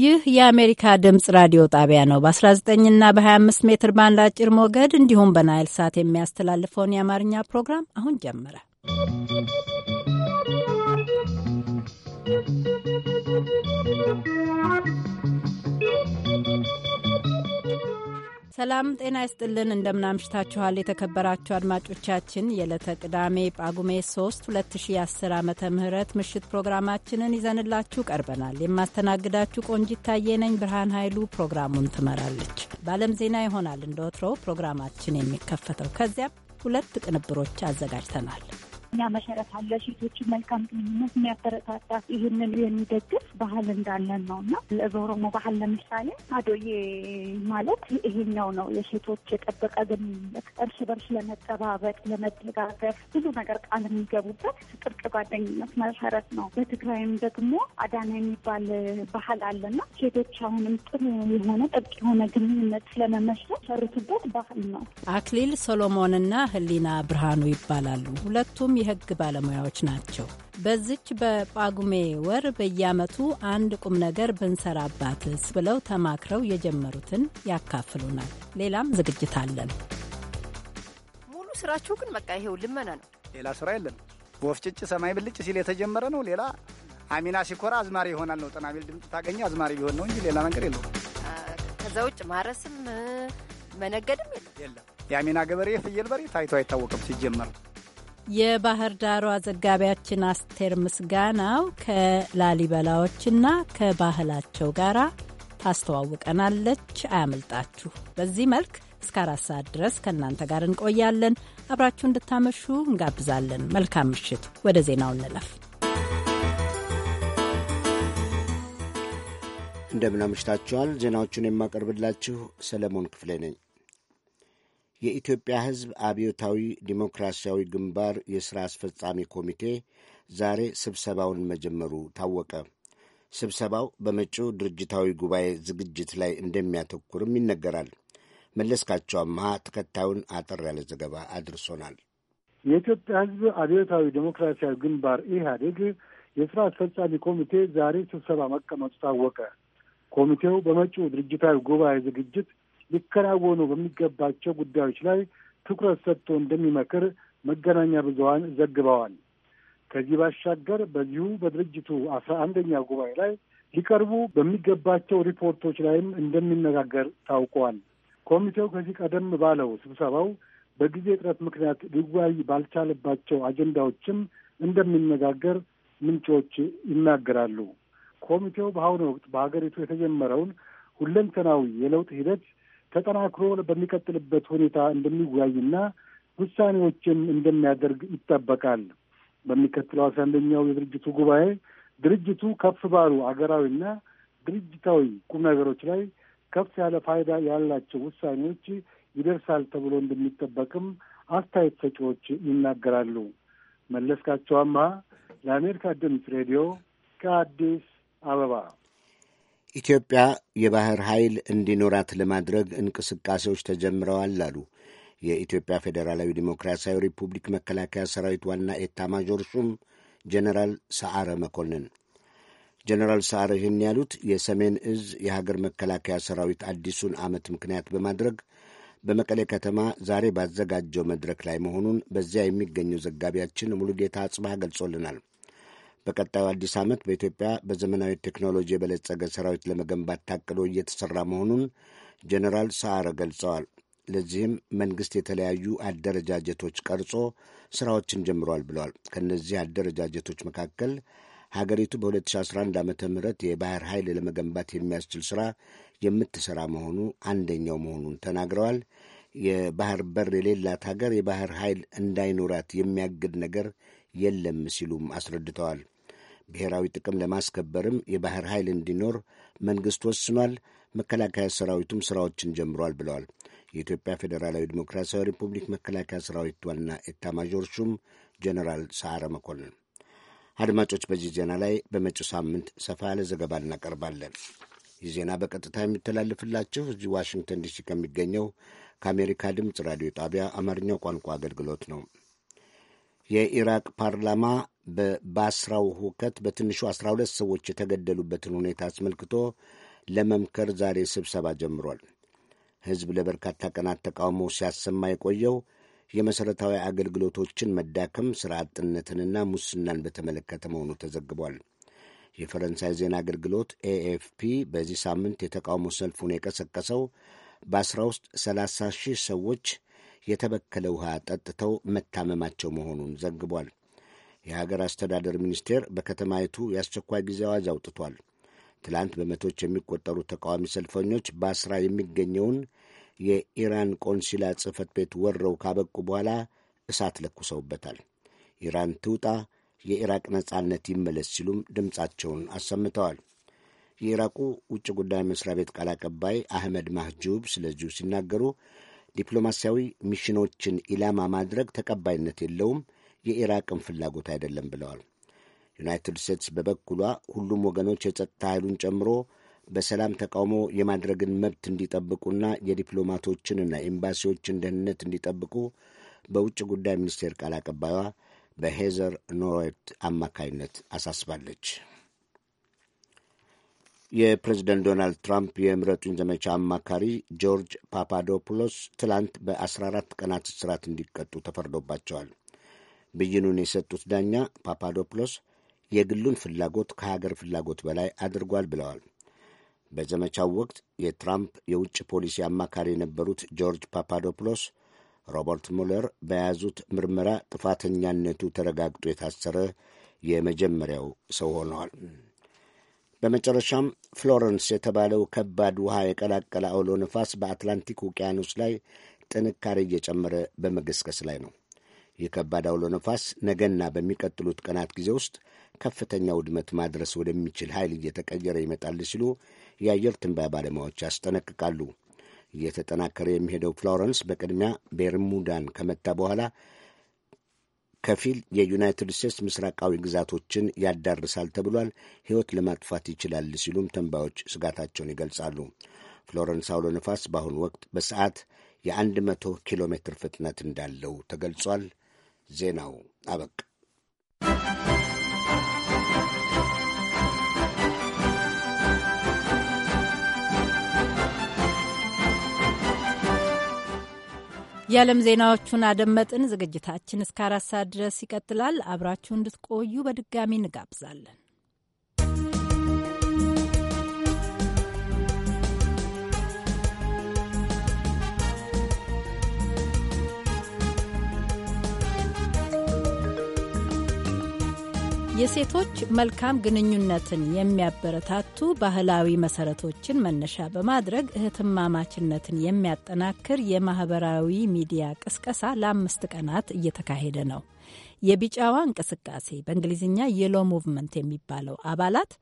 ይህ የአሜሪካ ድምፅ ራዲዮ ጣቢያ ነው። በ19ና በ25 ሜትር ባንድ አጭር ሞገድ እንዲሁም በናይል ሳት የሚያስተላልፈውን የአማርኛ ፕሮግራም አሁን ጀመረ። ሰላም ጤና ይስጥልን። እንደምናምሽታችኋል የተከበራችሁ አድማጮቻችን። የዕለተ ቅዳሜ ጳጉሜ 3 2010 ዓመተ ም ምሽት ፕሮግራማችንን ይዘንላችሁ ቀርበናል። የማስተናግዳችሁ ቆንጂት ታዬ ነኝ። ብርሃን ኃይሉ ፕሮግራሙን ትመራለች። በዓለም ዜና ይሆናል እንደ ወትሮው ፕሮግራማችን የሚከፈተው። ከዚያም ሁለት ቅንብሮች አዘጋጅተናል። እኛ መሰረት አለ ሴቶች መልካም ግንኙነት የሚያበረታታ ይህንን የሚደግፍ ባህል እንዳለን ነው እና በኦሮሞ ባህል ለምሳሌ አዶዬ ማለት ይሄኛው ነው። የሴቶች የጠበቀ ግንኙነት፣ እርስ በርስ ለመጠባበቅ፣ ለመደጋገፍ ብዙ ነገር ቃል የሚገቡበት ጥብቅ ጓደኝነት መሰረት ነው። በትግራይም ደግሞ አዳና የሚባል ባህል አለና ሴቶች አሁንም ጥሩ የሆነ ጥብቅ የሆነ ግንኙነት ስለመመስረት ሰሩትበት ባህል ነው። አክሊል ሰሎሞንና ህሊና ብርሃኑ ይባላሉ። ሁለቱም የህግ ባለሙያዎች ናቸው። በዚች በጳጉሜ ወር በየዓመቱ አንድ ቁም ነገር ብንሰራባትስ ብለው ተማክረው የጀመሩትን ያካፍሉናል። ሌላም ዝግጅት አለን። ሙሉ ስራችሁ ግን በቃ ይሄው ልመና ነው። ሌላ ስራ የለም። ወፍጭጭ ሰማይ ብልጭ ሲል የተጀመረ ነው። ሌላ አሚና ሲኮራ አዝማሪ ይሆናል ነው። ጠናቢል ድምፅ ታገኘ አዝማሪ ቢሆን ነው እንጂ ሌላ ነገር የለው። ከዛ ውጭ ማረስም መነገድም የለም። የአሚና ገበሬ ፍየል በሬ ታይቶ አይታወቅም ሲጀመር የባህር ዳሯ ዘጋቢያችን አስቴር ምስጋናው ከላሊበላዎችና ከባህላቸው ጋር ታስተዋውቀናለች። አያምልጣችሁ። በዚህ መልክ እስከ አራት ሰዓት ድረስ ከእናንተ ጋር እንቆያለን። አብራችሁ እንድታመሹ እንጋብዛለን። መልካም ምሽት። ወደ ዜናው እንለፍ። እንደምናምሽታችኋል። ዜናዎቹን የማቀርብላችሁ ሰለሞን ክፍሌ ነኝ። የኢትዮጵያ ሕዝብ አብዮታዊ ዲሞክራሲያዊ ግንባር የሥራ አስፈጻሚ ኮሚቴ ዛሬ ስብሰባውን መጀመሩ ታወቀ። ስብሰባው በመጪው ድርጅታዊ ጉባኤ ዝግጅት ላይ እንደሚያተኩርም ይነገራል። መለስካቸው አምሃ ተከታዩን አጠር ያለ ዘገባ አድርሶናል። የኢትዮጵያ ሕዝብ አብዮታዊ ዲሞክራሲያዊ ግንባር ኢህአዴግ የሥራ አስፈጻሚ ኮሚቴ ዛሬ ስብሰባ መቀመጡ ታወቀ። ኮሚቴው በመጪው ድርጅታዊ ጉባኤ ዝግጅት ሊከናወኑ በሚገባቸው ጉዳዮች ላይ ትኩረት ሰጥቶ እንደሚመክር መገናኛ ብዙኃን ዘግበዋል። ከዚህ ባሻገር በዚሁ በድርጅቱ አስራ አንደኛ ጉባኤ ላይ ሊቀርቡ በሚገባቸው ሪፖርቶች ላይም እንደሚነጋገር ታውቋል። ኮሚቴው ከዚህ ቀደም ባለው ስብሰባው በጊዜ እጥረት ምክንያት ሊወያይ ባልቻለባቸው አጀንዳዎችም እንደሚነጋገር ምንጮች ይናገራሉ። ኮሚቴው በአሁኑ ወቅት በሀገሪቱ የተጀመረውን ሁለንተናዊ የለውጥ ሂደት ተጠናክሮ በሚቀጥልበት ሁኔታ እንደሚወያይና ውሳኔዎችን እንደሚያደርግ ይጠበቃል። በሚቀጥለው አስራ አንደኛው የድርጅቱ ጉባኤ ድርጅቱ ከፍ ባሉ አገራዊና ድርጅታዊ ቁም ነገሮች ላይ ከፍ ያለ ፋይዳ ያላቸው ውሳኔዎች ይደርሳል ተብሎ እንደሚጠበቅም አስተያየት ሰጪዎች ይናገራሉ። መለስካቸው ለአሜሪካ ድምፅ ሬዲዮ ከአዲስ አበባ ኢትዮጵያ የባህር ኃይል እንዲኖራት ለማድረግ እንቅስቃሴዎች ተጀምረዋል አሉ የኢትዮጵያ ፌዴራላዊ ዲሞክራሲያዊ ሪፑብሊክ መከላከያ ሰራዊት ዋና ኤታ ማዦር ሹም ጀነራል ሰዓረ መኮንን። ጀነራል ሰዓረ ይህን ያሉት የሰሜን እዝ የሀገር መከላከያ ሰራዊት አዲሱን ዓመት ምክንያት በማድረግ በመቀሌ ከተማ ዛሬ ባዘጋጀው መድረክ ላይ መሆኑን በዚያ የሚገኘው ዘጋቢያችን ሙሉጌታ አጽባህ ገልጾልናል። በቀጣዩ አዲስ ዓመት በኢትዮጵያ በዘመናዊ ቴክኖሎጂ የበለጸገ ሰራዊት ለመገንባት ታቅዶ እየተሰራ መሆኑን ጀኔራል ሰዓረ ገልጸዋል። ለዚህም መንግስት የተለያዩ አደረጃጀቶች ቀርጾ ስራዎችን ጀምሯል ብለዋል። ከእነዚህ አደረጃጀቶች መካከል ሀገሪቱ በ2011 ዓ ም የባህር ኃይል ለመገንባት የሚያስችል ስራ የምትሰራ መሆኑ አንደኛው መሆኑን ተናግረዋል። የባህር በር የሌላት ሀገር የባህር ኃይል እንዳይኖራት የሚያግድ ነገር የለም ሲሉም አስረድተዋል። ብሔራዊ ጥቅም ለማስከበርም የባህር ኃይል እንዲኖር መንግሥት ወስኗል። መከላከያ ሰራዊቱም ስራዎችን ጀምሯል ብለዋል። የኢትዮጵያ ፌዴራላዊ ዲሞክራሲያዊ ሪፑብሊክ መከላከያ ሰራዊት ዋና ኤታማዦር ሹም ጀኔራል ሰዓረ መኮንን። አድማጮች፣ በዚህ ዜና ላይ በመጪው ሳምንት ሰፋ ያለ ዘገባ እናቀርባለን። ይህ ዜና በቀጥታ የሚተላልፍላችሁ እዚህ ዋሽንግተን ዲሲ ከሚገኘው ከአሜሪካ ድምፅ ራዲዮ ጣቢያ አማርኛው ቋንቋ አገልግሎት ነው። የኢራቅ ፓርላማ በባስራው ሁከት በትንሹ 12 ሰዎች የተገደሉበትን ሁኔታ አስመልክቶ ለመምከር ዛሬ ስብሰባ ጀምሯል። ሕዝብ ለበርካታ ቀናት ተቃውሞ ሲያሰማ የቆየው የመሠረታዊ አገልግሎቶችን መዳከም፣ ሥራ አጥነትንና ሙስናን በተመለከተ መሆኑ ተዘግቧል። የፈረንሳይ ዜና አገልግሎት ኤኤፍፒ በዚህ ሳምንት የተቃውሞ ሰልፉን የቀሰቀሰው በአስራ ውስጥ ሰላሳ ሺህ ሰዎች የተበከለ ውሃ ጠጥተው መታመማቸው መሆኑን ዘግቧል። የሀገር አስተዳደር ሚኒስቴር በከተማይቱ የአስቸኳይ ጊዜ አዋጅ አውጥቷል። ትላንት በመቶዎች የሚቆጠሩ ተቃዋሚ ሰልፈኞች በአስራ የሚገኘውን የኢራን ቆንሲላ ጽህፈት ቤት ወረው ካበቁ በኋላ እሳት ለኩሰውበታል። ኢራን ትውጣ፣ የኢራቅ ነጻነት ይመለስ ሲሉም ድምፃቸውን አሰምተዋል። የኢራቁ ውጭ ጉዳይ መስሪያ ቤት ቃል አቀባይ አህመድ ማህጁብ ስለዚሁ ሲናገሩ ዲፕሎማሲያዊ ሚሽኖችን ኢላማ ማድረግ ተቀባይነት የለውም፣ የኢራቅን ፍላጎት አይደለም ብለዋል። ዩናይትድ ስቴትስ በበኩሏ ሁሉም ወገኖች የጸጥታ ኃይሉን ጨምሮ በሰላም ተቃውሞ የማድረግን መብት እንዲጠብቁና የዲፕሎማቶችንና ኤምባሲዎችን ደህንነት እንዲጠብቁ በውጭ ጉዳይ ሚኒስቴር ቃል አቀባይዋ በሄዘር ኖሮት አማካይነት አሳስባለች። የፕሬዝደንት ዶናልድ ትራምፕ የምረጡኝ ዘመቻ አማካሪ ጆርጅ ፓፓዶፕሎስ ትላንት በ14 ቀናት እስራት እንዲቀጡ ተፈርዶባቸዋል። ብይኑን የሰጡት ዳኛ ፓፓዶፕሎስ የግሉን ፍላጎት ከሀገር ፍላጎት በላይ አድርጓል ብለዋል። በዘመቻው ወቅት የትራምፕ የውጭ ፖሊሲ አማካሪ የነበሩት ጆርጅ ፓፓዶፕሎስ ሮበርት ሙለር በያዙት ምርመራ ጥፋተኛነቱ ተረጋግጦ የታሰረ የመጀመሪያው ሰው ሆነዋል። በመጨረሻም ፍሎረንስ የተባለው ከባድ ውሃ የቀላቀለ አውሎ ነፋስ በአትላንቲክ ውቅያኖስ ላይ ጥንካሬ እየጨመረ በመገስገስ ላይ ነው። ይህ ከባድ አውሎ ነፋስ ነገና በሚቀጥሉት ቀናት ጊዜ ውስጥ ከፍተኛ ውድመት ማድረስ ወደሚችል ኃይል እየተቀየረ ይመጣል ሲሉ የአየር ትንባያ ባለሙያዎች ያስጠነቅቃሉ። እየተጠናከረ የሚሄደው ፍሎረንስ በቅድሚያ ቤርሙዳን ከመታ በኋላ ከፊል የዩናይትድ ስቴትስ ምስራቃዊ ግዛቶችን ያዳርሳል ተብሏል። ሕይወት ለማጥፋት ይችላል ሲሉም ተንባዮች ስጋታቸውን ይገልጻሉ። ፍሎረንስ አውሎ ነፋስ በአሁኑ ወቅት በሰዓት የ100 ኪሎ ሜትር ፍጥነት እንዳለው ተገልጿል። ዜናው አበቃ። የዓለም ዜናዎቹን አደመጥን። ዝግጅታችን እስከ አራት ሰዓት ድረስ ይቀጥላል። አብራችሁ እንድትቆዩ በድጋሚ እንጋብዛለን። የሴቶች መልካም ግንኙነትን የሚያበረታቱ ባህላዊ መሰረቶችን መነሻ በማድረግ እህትማማችነትን የሚያጠናክር የማህበራዊ ሚዲያ ቅስቀሳ ለአምስት ቀናት እየተካሄደ ነው። የቢጫዋ እንቅስቃሴ በእንግሊዝኛ የሎ ሙቭመንት የሚባለው አባላት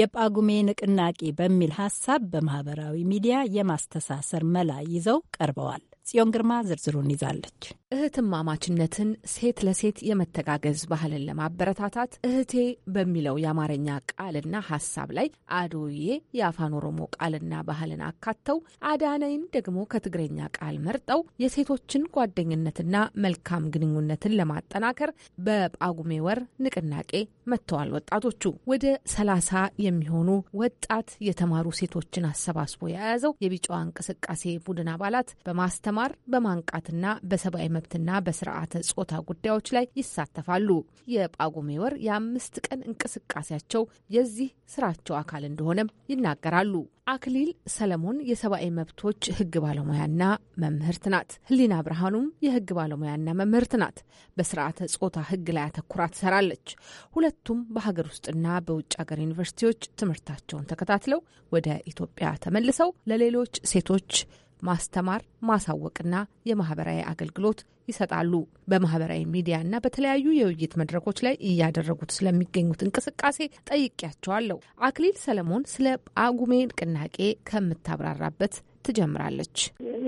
የጳጉሜ ንቅናቄ በሚል ሀሳብ በማህበራዊ ሚዲያ የማስተሳሰር መላ ይዘው ቀርበዋል። ጽዮን ግርማ ዝርዝሩን ይዛለች። እህትማማችነትን፣ ሴት ለሴት የመተጋገዝ ባህልን ለማበረታታት እህቴ በሚለው የአማርኛ ቃልና ሀሳብ ላይ አዶዬ የአፋን ኦሮሞ ቃልና ባህልን አካተው አዳነይን ደግሞ ከትግረኛ ቃል መርጠው የሴቶችን ጓደኝነትና መልካም ግንኙነትን ለማጠናከር በጳጉሜ ወር ንቅናቄ መጥተዋል። ወጣቶቹ ወደ ሰላሳ የሚሆኑ ወጣት የተማሩ ሴቶችን አሰባስቦ የያዘው የቢጫዋ እንቅስቃሴ ቡድን አባላት በማስተ በማስተማር በማንቃትና በሰብአዊ መብትና በስርዓተ ጾታ ጉዳዮች ላይ ይሳተፋሉ። የጳጉሜ ወር የአምስት ቀን እንቅስቃሴያቸው የዚህ ስራቸው አካል እንደሆነም ይናገራሉ። አክሊል ሰለሞን የሰብአዊ መብቶች ህግ ባለሙያና መምህርት ናት። ህሊና ብርሃኑም የህግ ባለሙያና መምህርት ናት። በስርዓተ ጾታ ህግ ላይ አተኩራ ትሰራለች። ሁለቱም በሀገር ውስጥና በውጭ ሀገር ዩኒቨርሲቲዎች ትምህርታቸውን ተከታትለው ወደ ኢትዮጵያ ተመልሰው ለሌሎች ሴቶች ማስተማር፣ ማሳወቅና የማህበራዊ አገልግሎት ይሰጣሉ። በማህበራዊ ሚዲያ እና በተለያዩ የውይይት መድረኮች ላይ እያደረጉት ስለሚገኙት እንቅስቃሴ ጠይቄያቸዋለሁ። አክሊል ሰለሞን ስለ ጳጉሜ ንቅናቄ ከምታብራራበት ትጀምራለች።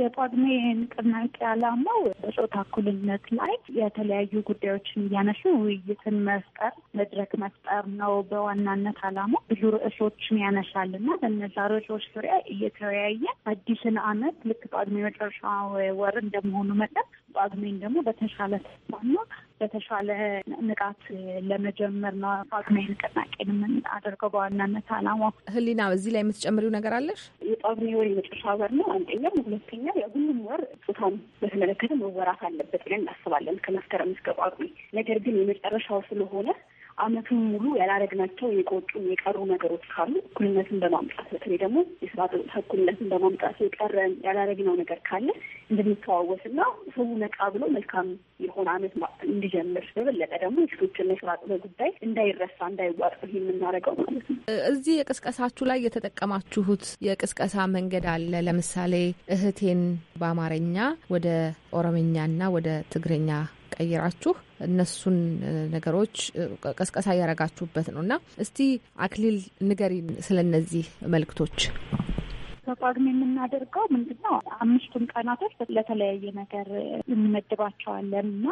የቋድሜ ንቅናቄ አላማው በጾታ እኩልነት ላይ የተለያዩ ጉዳዮችን እያነሱ ውይይትን መፍጠር መድረክ መፍጠር ነው በዋናነት አላማው ብዙ ርዕሶችን ያነሳል እና በነዛ ርዕሶች ዙሪያ እየተወያየ አዲስን አመት ልክ ቋድሜ መጨረሻ ወር እንደመሆኑ መጠን ቋድሜን ደግሞ በተሻለ ተስፋና በተሻለ ንቃት ለመጀመር ነው ጳጉሜን ንቅናቄን የምናደርገው በዋናነት አላማ። ህሊና፣ በዚህ ላይ የምትጨምሪው ነገር አለሽ? የጳጉሜ ወር የመጨረሻ ወር ነው አንደኛው። ሁለተኛው የሁሉም ወር ጾታን በተመለከተ መወራት አለበት ብለን እናስባለን ከመስከረም እስከ ጳጉሜ። ነገር ግን የመጨረሻው ስለሆነ አመቱን ሙሉ ያላረግናቸው የቆጡ የቀሩ ነገሮች ካሉ እኩልነትን በማምጣት በተለይ ደግሞ የስራ እኩልነትን በማምጣት የቀረን ያላረግነው ነገር ካለ እንድንተዋወስና ሰው ነቃ ብሎ መልካም የሆነ አመት እንዲጀምር በበለጠ ደግሞ የሴቶችና የስራ ጉዳይ እንዳይረሳ እንዳይዋጥ የምናደርገው ማለት ነው። እዚህ የቅስቀሳችሁ ላይ የተጠቀማችሁት የቅስቀሳ መንገድ አለ። ለምሳሌ እህቴን በአማርኛ ወደ ኦሮምኛና ወደ ትግርኛ ቀይራችሁ እነሱን ነገሮች ቀስቀሳ እያረጋችሁበት ነው እና እስቲ አክሊል ንገሪ ስለ እነዚህ መልእክቶች። በጳጉሜ የምናደርገው ምንድነው? አምስቱን ቀናቶች ለተለያየ ነገር እንመድባቸዋለን እና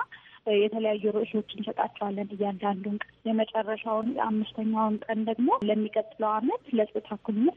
የተለያዩ ርዕሶች እንሰጣቸዋለን። እያንዳንዱን ቀን የመጨረሻውን አምስተኛውን ቀን ደግሞ ለሚቀጥለው አመት ለጾታ እኩልነት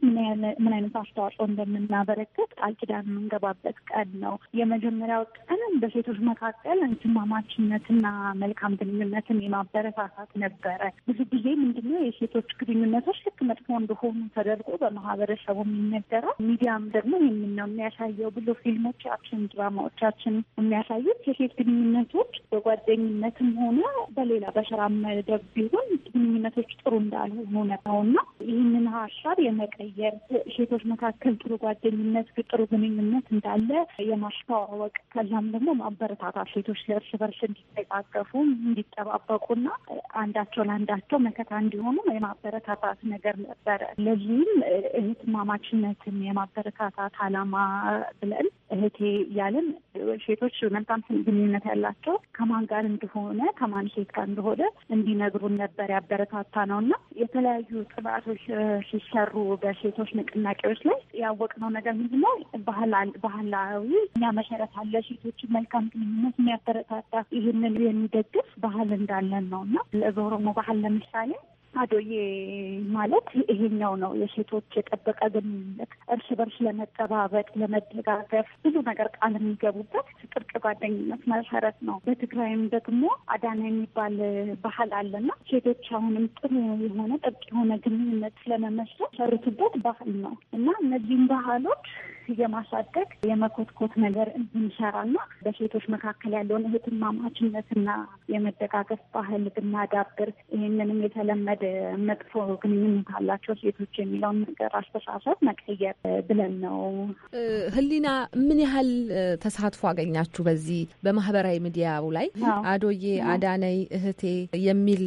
ምን አይነት አስተዋጽኦ እንደምናበረክት ቃል ኪዳን የምንገባበት ቀን ነው። የመጀመሪያው ቀን በሴቶች መካከል ትማማችነትና መልካም ግንኙነትን የማበረታታት ነበረ። ብዙ ጊዜ ምንድነው የሴቶች ግንኙነቶች ልክ መጥፎ እንደሆኑ ተደርጎ በማህበረሰቡ የሚነገረው ሚዲያም ደግሞ ይህንን ነው የሚያሳየው ብሎ ፊልሞቻችን፣ ድራማዎቻችን የሚያሳዩት የሴት ግንኙነቶች በጓ በጓደኝነትም ሆነ በሌላ በስራ መደብ ቢሆን ግንኙነቶች ጥሩ እንዳልሆኑ ነው እና ይህንን ሀሳብ የመቀየር ሴቶች መካከል ጥሩ ጓደኝነት፣ ጥሩ ግንኙነት እንዳለ የማስተዋወቅ ከዛም ደግሞ ማበረታታት ሴቶች ለእርስ በርስ እንዲተቃቀፉ እንዲጠባበቁና አንዳቸው ለአንዳቸው መከታ እንዲሆኑ የማበረታታት ነገር ነበረ። ለዚህም እህትማማችነትን የማበረታታት አላማ ብለን እህቴ እያለን ሴቶች መልካም ግንኙነት ያላቸው ከማን ከማን ጋር እንደሆነ ከማን ሴት ጋር እንደሆነ እንዲነግሩን ነበር ያበረታታ ነው እና የተለያዩ ጥናቶች ሲሰሩ በሴቶች ንቅናቄዎች ላይ ያወቅነው ነገር ምንድን ነው? ባህላዊ እኛ መሰረት አለ ሴቶችን መልካም ግንኙነት የሚያበረታታ ይህንን የሚደግፍ ባህል እንዳለን ነው እና በኦሮሞ ባህል ለምሳሌ አዶዬ ማለት ይሄኛው ነው። የሴቶች የጠበቀ ግንኙነት፣ እርስ በርስ ለመጠባበቅ፣ ለመደጋገፍ ብዙ ነገር ቃል የሚገቡበት ጥብቅ ጓደኝነት መሰረት ነው። በትግራይም ደግሞ አዳና የሚባል ባህል አለና ሴቶች አሁንም ጥሩ የሆነ ጥብቅ የሆነ ግንኙነት ስለመመስረት ሰሩትበት ባህል ነው እና እነዚህም ባህሎች የማሳደግ የመኮትኮት ነገር እንድንሰራና በሴቶች መካከል ያለውን እህትማማችነትና የመደጋገፍ ባህል ብናዳብር ይህንንም የተለመደ መጥፎ ግንኙነት አላቸው ሴቶች የሚለውን ነገር አስተሳሰብ መቀየር ብለን ነው። ህሊና ምን ያህል ተሳትፎ አገኛችሁ? በዚህ በማህበራዊ ሚዲያው ላይ አዶዬ አዳነይ እህቴ የሚል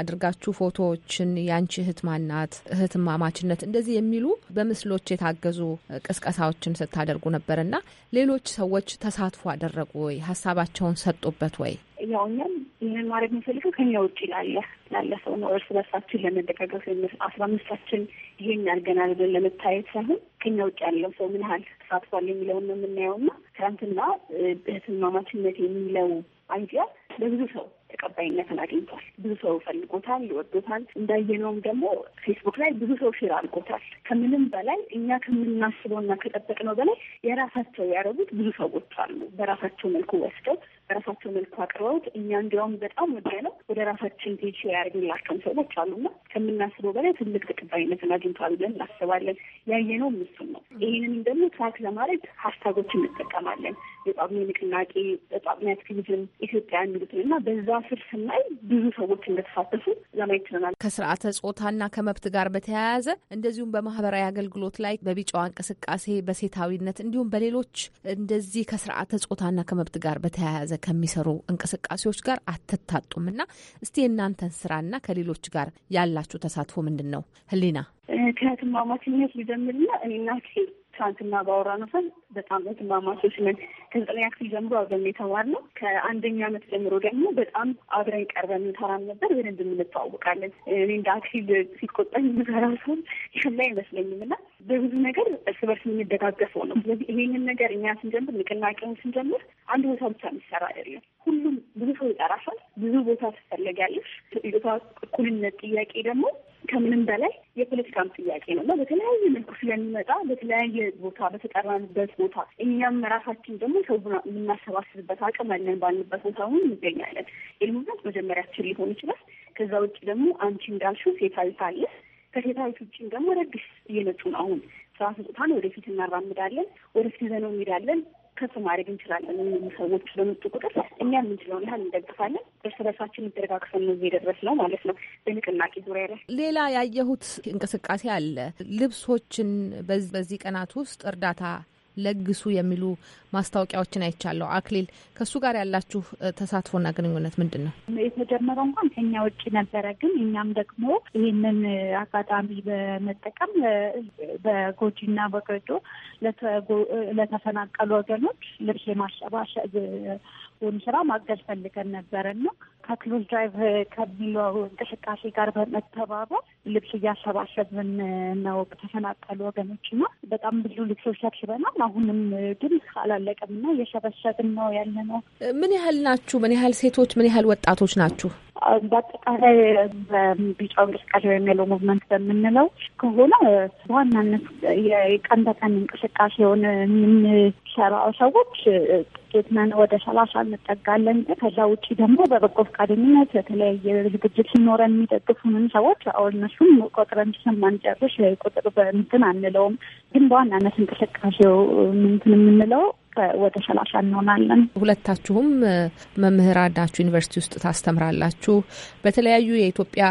አድርጋችሁ ፎቶዎችን ያንቺ እህት ማናት፣ እህት ማማችነት እንደዚህ የሚሉ በምስሎች የታገዙ ቅስቀሳዎችን ስታደርጉ ነበር እና ሌሎች ሰዎች ተሳትፎ አደረጉ ወይ? ሀሳባቸውን ሰጡበት ወይ? ያው እኛም ይህን ማድረግ የሚፈልገው ከኛ ውጭ ላለ ላለ ሰው ነው። እርስ በርሳችን ለመደጋገፍ አስራ አምስታችን ይሄን ያርገናል ብለን ለመታየት ሳይሆን ከኛ ውጭ ያለው ሰው ምን ያህል ተሳትፏል የሚለውን ነው የምናየው እና ትናንትና እህትማማችነት የሚለው አይዲያ ለብዙ ሰው ተቀባይነትን አግኝቷል። ብዙ ሰው ፈልጎታል፣ ይወዶታል። እንዳየነውም ደግሞ ፌስቡክ ላይ ብዙ ሰው ሼር አድርጎታል። ከምንም በላይ እኛ ከምናስበው ከምናስበውና ከጠበቅነው በላይ የራሳቸው ያደረጉት ብዙ ሰዎች አሉ። በራሳቸው መልኩ ወስደው በራሳቸው መልኩ አቅርበውት እኛ እንዲያውም በጣም ወደ ነው ወደ ራሳችን ቴች ያደርግላቸውን ሰዎች አሉና ከምናስበው በላይ ትልቅ ተቀባይነትን አግኝቷል ብለን እናስባለን። ያየነው እሱን ነው። ይህንንም ደግሞ ትራክ ለማድረግ ሀሽታጎች እንጠቀማለን። የጳጉሜ ንቅናቄ፣ ጳጉሜ አክቲቪዝም ኢትዮጵያ የሚሉትን እና በዛ ስር ስናይ ብዙ ሰዎች እንደተሳተፉ ለማየት ችለናል። ከስርዓተ ጾታና ከመብት ጋር በተያያዘ እንደዚሁም በማህበራዊ አገልግሎት ላይ በቢጫዋ እንቅስቃሴ፣ በሴታዊነት እንዲሁም በሌሎች እንደዚህ ከስርዓተ ጾታና ከመብት ጋር በተያያዘ ከሚሰሩ እንቅስቃሴዎች ጋር አትታጡም እና እስቲ የእናንተን ስራና ከሌሎች ጋር ያላችሁ ተሳትፎ ምንድን ነው? ህሊና ከትማማችነት ልጀምርና እኔና ትናንትና ባወራነው ሰን በጣም ወንድማማቾች ነን። ከዘጠነኛ ክፍል ጀምሮ አብረን የተማር ነው። ከአንደኛ ዓመት ጀምሮ ደግሞ በጣም አብረን ቀርበን እንሰራም ነበር። በደንብ እንተዋወቃለን። እኔ እንደ አክሲል ሲቆጠኝ ምሰራ ሰው ያለ አይመስለኝም እና በብዙ ነገር እርስ በርስ የምንደጋገፈው ነው። ስለዚህ ይሄንን ነገር እኛ ስንጀምር፣ ንቅናቄውን ስንጀምር አንድ ቦታ ብቻ የሚሰራ አይደለም። ሁሉም ብዙ ሰው ይጠራሻል፣ ብዙ ቦታ ትፈለጊያለሽ። እኩልነት ጥያቄ ደግሞ ከምንም በላይ የፖለቲካም ጥያቄ ነው እና በተለያየ መልኩ ስለሚመጣ በተለያየ ቦታ በተጠራንበት ቦታ እኛም ራሳችን ደግሞ ሰው የምናሰባስብበት አቅም አለን ባልንበት ቦታ ሁን እንገኛለን። የልሙናት መጀመሪያችን ሊሆን ይችላል። ከዛ ውጭ ደግሞ አንቺ እንዳልሽው ሴታዊት አለ። ከሴታዊት ውጭም ደግሞ ረግስ እየመጡ ነው። አሁን ስራ ስጦታን ወደፊት እናራምዳለን፣ ወደፊት ይዘነው እንሄዳለን ከፍ ማድረግ እንችላለን። ሰዎች በመጡ ቁጥር እኛ የምንችለውን ያህል እንደግፋለን። እርስ በርሳችን ይደረጋግፈን ነው የደረስ ነው ማለት ነው። በንቅናቄ ዙሪያ ላይ ሌላ ያየሁት እንቅስቃሴ አለ። ልብሶችን በዚህ ቀናት ውስጥ እርዳታ ለግሱ የሚሉ ማስታወቂያዎችን አይቻለሁ። አክሊል፣ ከእሱ ጋር ያላችሁ ተሳትፎና ግንኙነት ምንድን ነው? የተጀመረው እንኳን ከኛ ውጭ ነበረ፣ ግን እኛም ደግሞ ይህንን አጋጣሚ በመጠቀም በጎጂና በጎጆ ለተፈናቀሉ ወገኖች ልብስ የማሰባሰብ እሱን ስራ ማገዝ ፈልገን ነበረ እና ከክሉዝ ድራይቭ ከሚለው እንቅስቃሴ ጋር በመተባበር ልብስ እያሰባሰብን ነው ተፈናቀሉ ወገኖች እና በጣም ብዙ ልብሶች ሰብስበናል። አሁንም ግን አላለቀም እና እየሰበሰብን ነው ያለ ነው። ምን ያህል ናችሁ? ምን ያህል ሴቶች፣ ምን ያህል ወጣቶች ናችሁ? በአጠቃላይ በቢጫው እንቅስቃሴ ወይም የሎ ሙቭመንት በምንለው ከሆነ በዋናነት የቀን በቀን እንቅስቃሴውን የምንሰራው ሰዎች ጥቂት ነን፣ ወደ ሰላሳ እንጠጋለን። ከዛ ውጭ ደግሞ በበጎ ፈቃደኝነት የተለያየ ዝግጅት ሲኖረን የሚደግፉንን ሰዎች አሁን እነሱም ቆጥረን ስለማንጨርስ ቁጥር በምትን አንለውም። ግን በዋናነት እንቅስቃሴው ምንትን የምንለው ወደ ሰላሳ እንሆናለን። ሁለታችሁም መምህራን ናችሁ፣ ዩኒቨርሲቲ ውስጥ ታስተምራላችሁ፣ በተለያዩ የኢትዮጵያ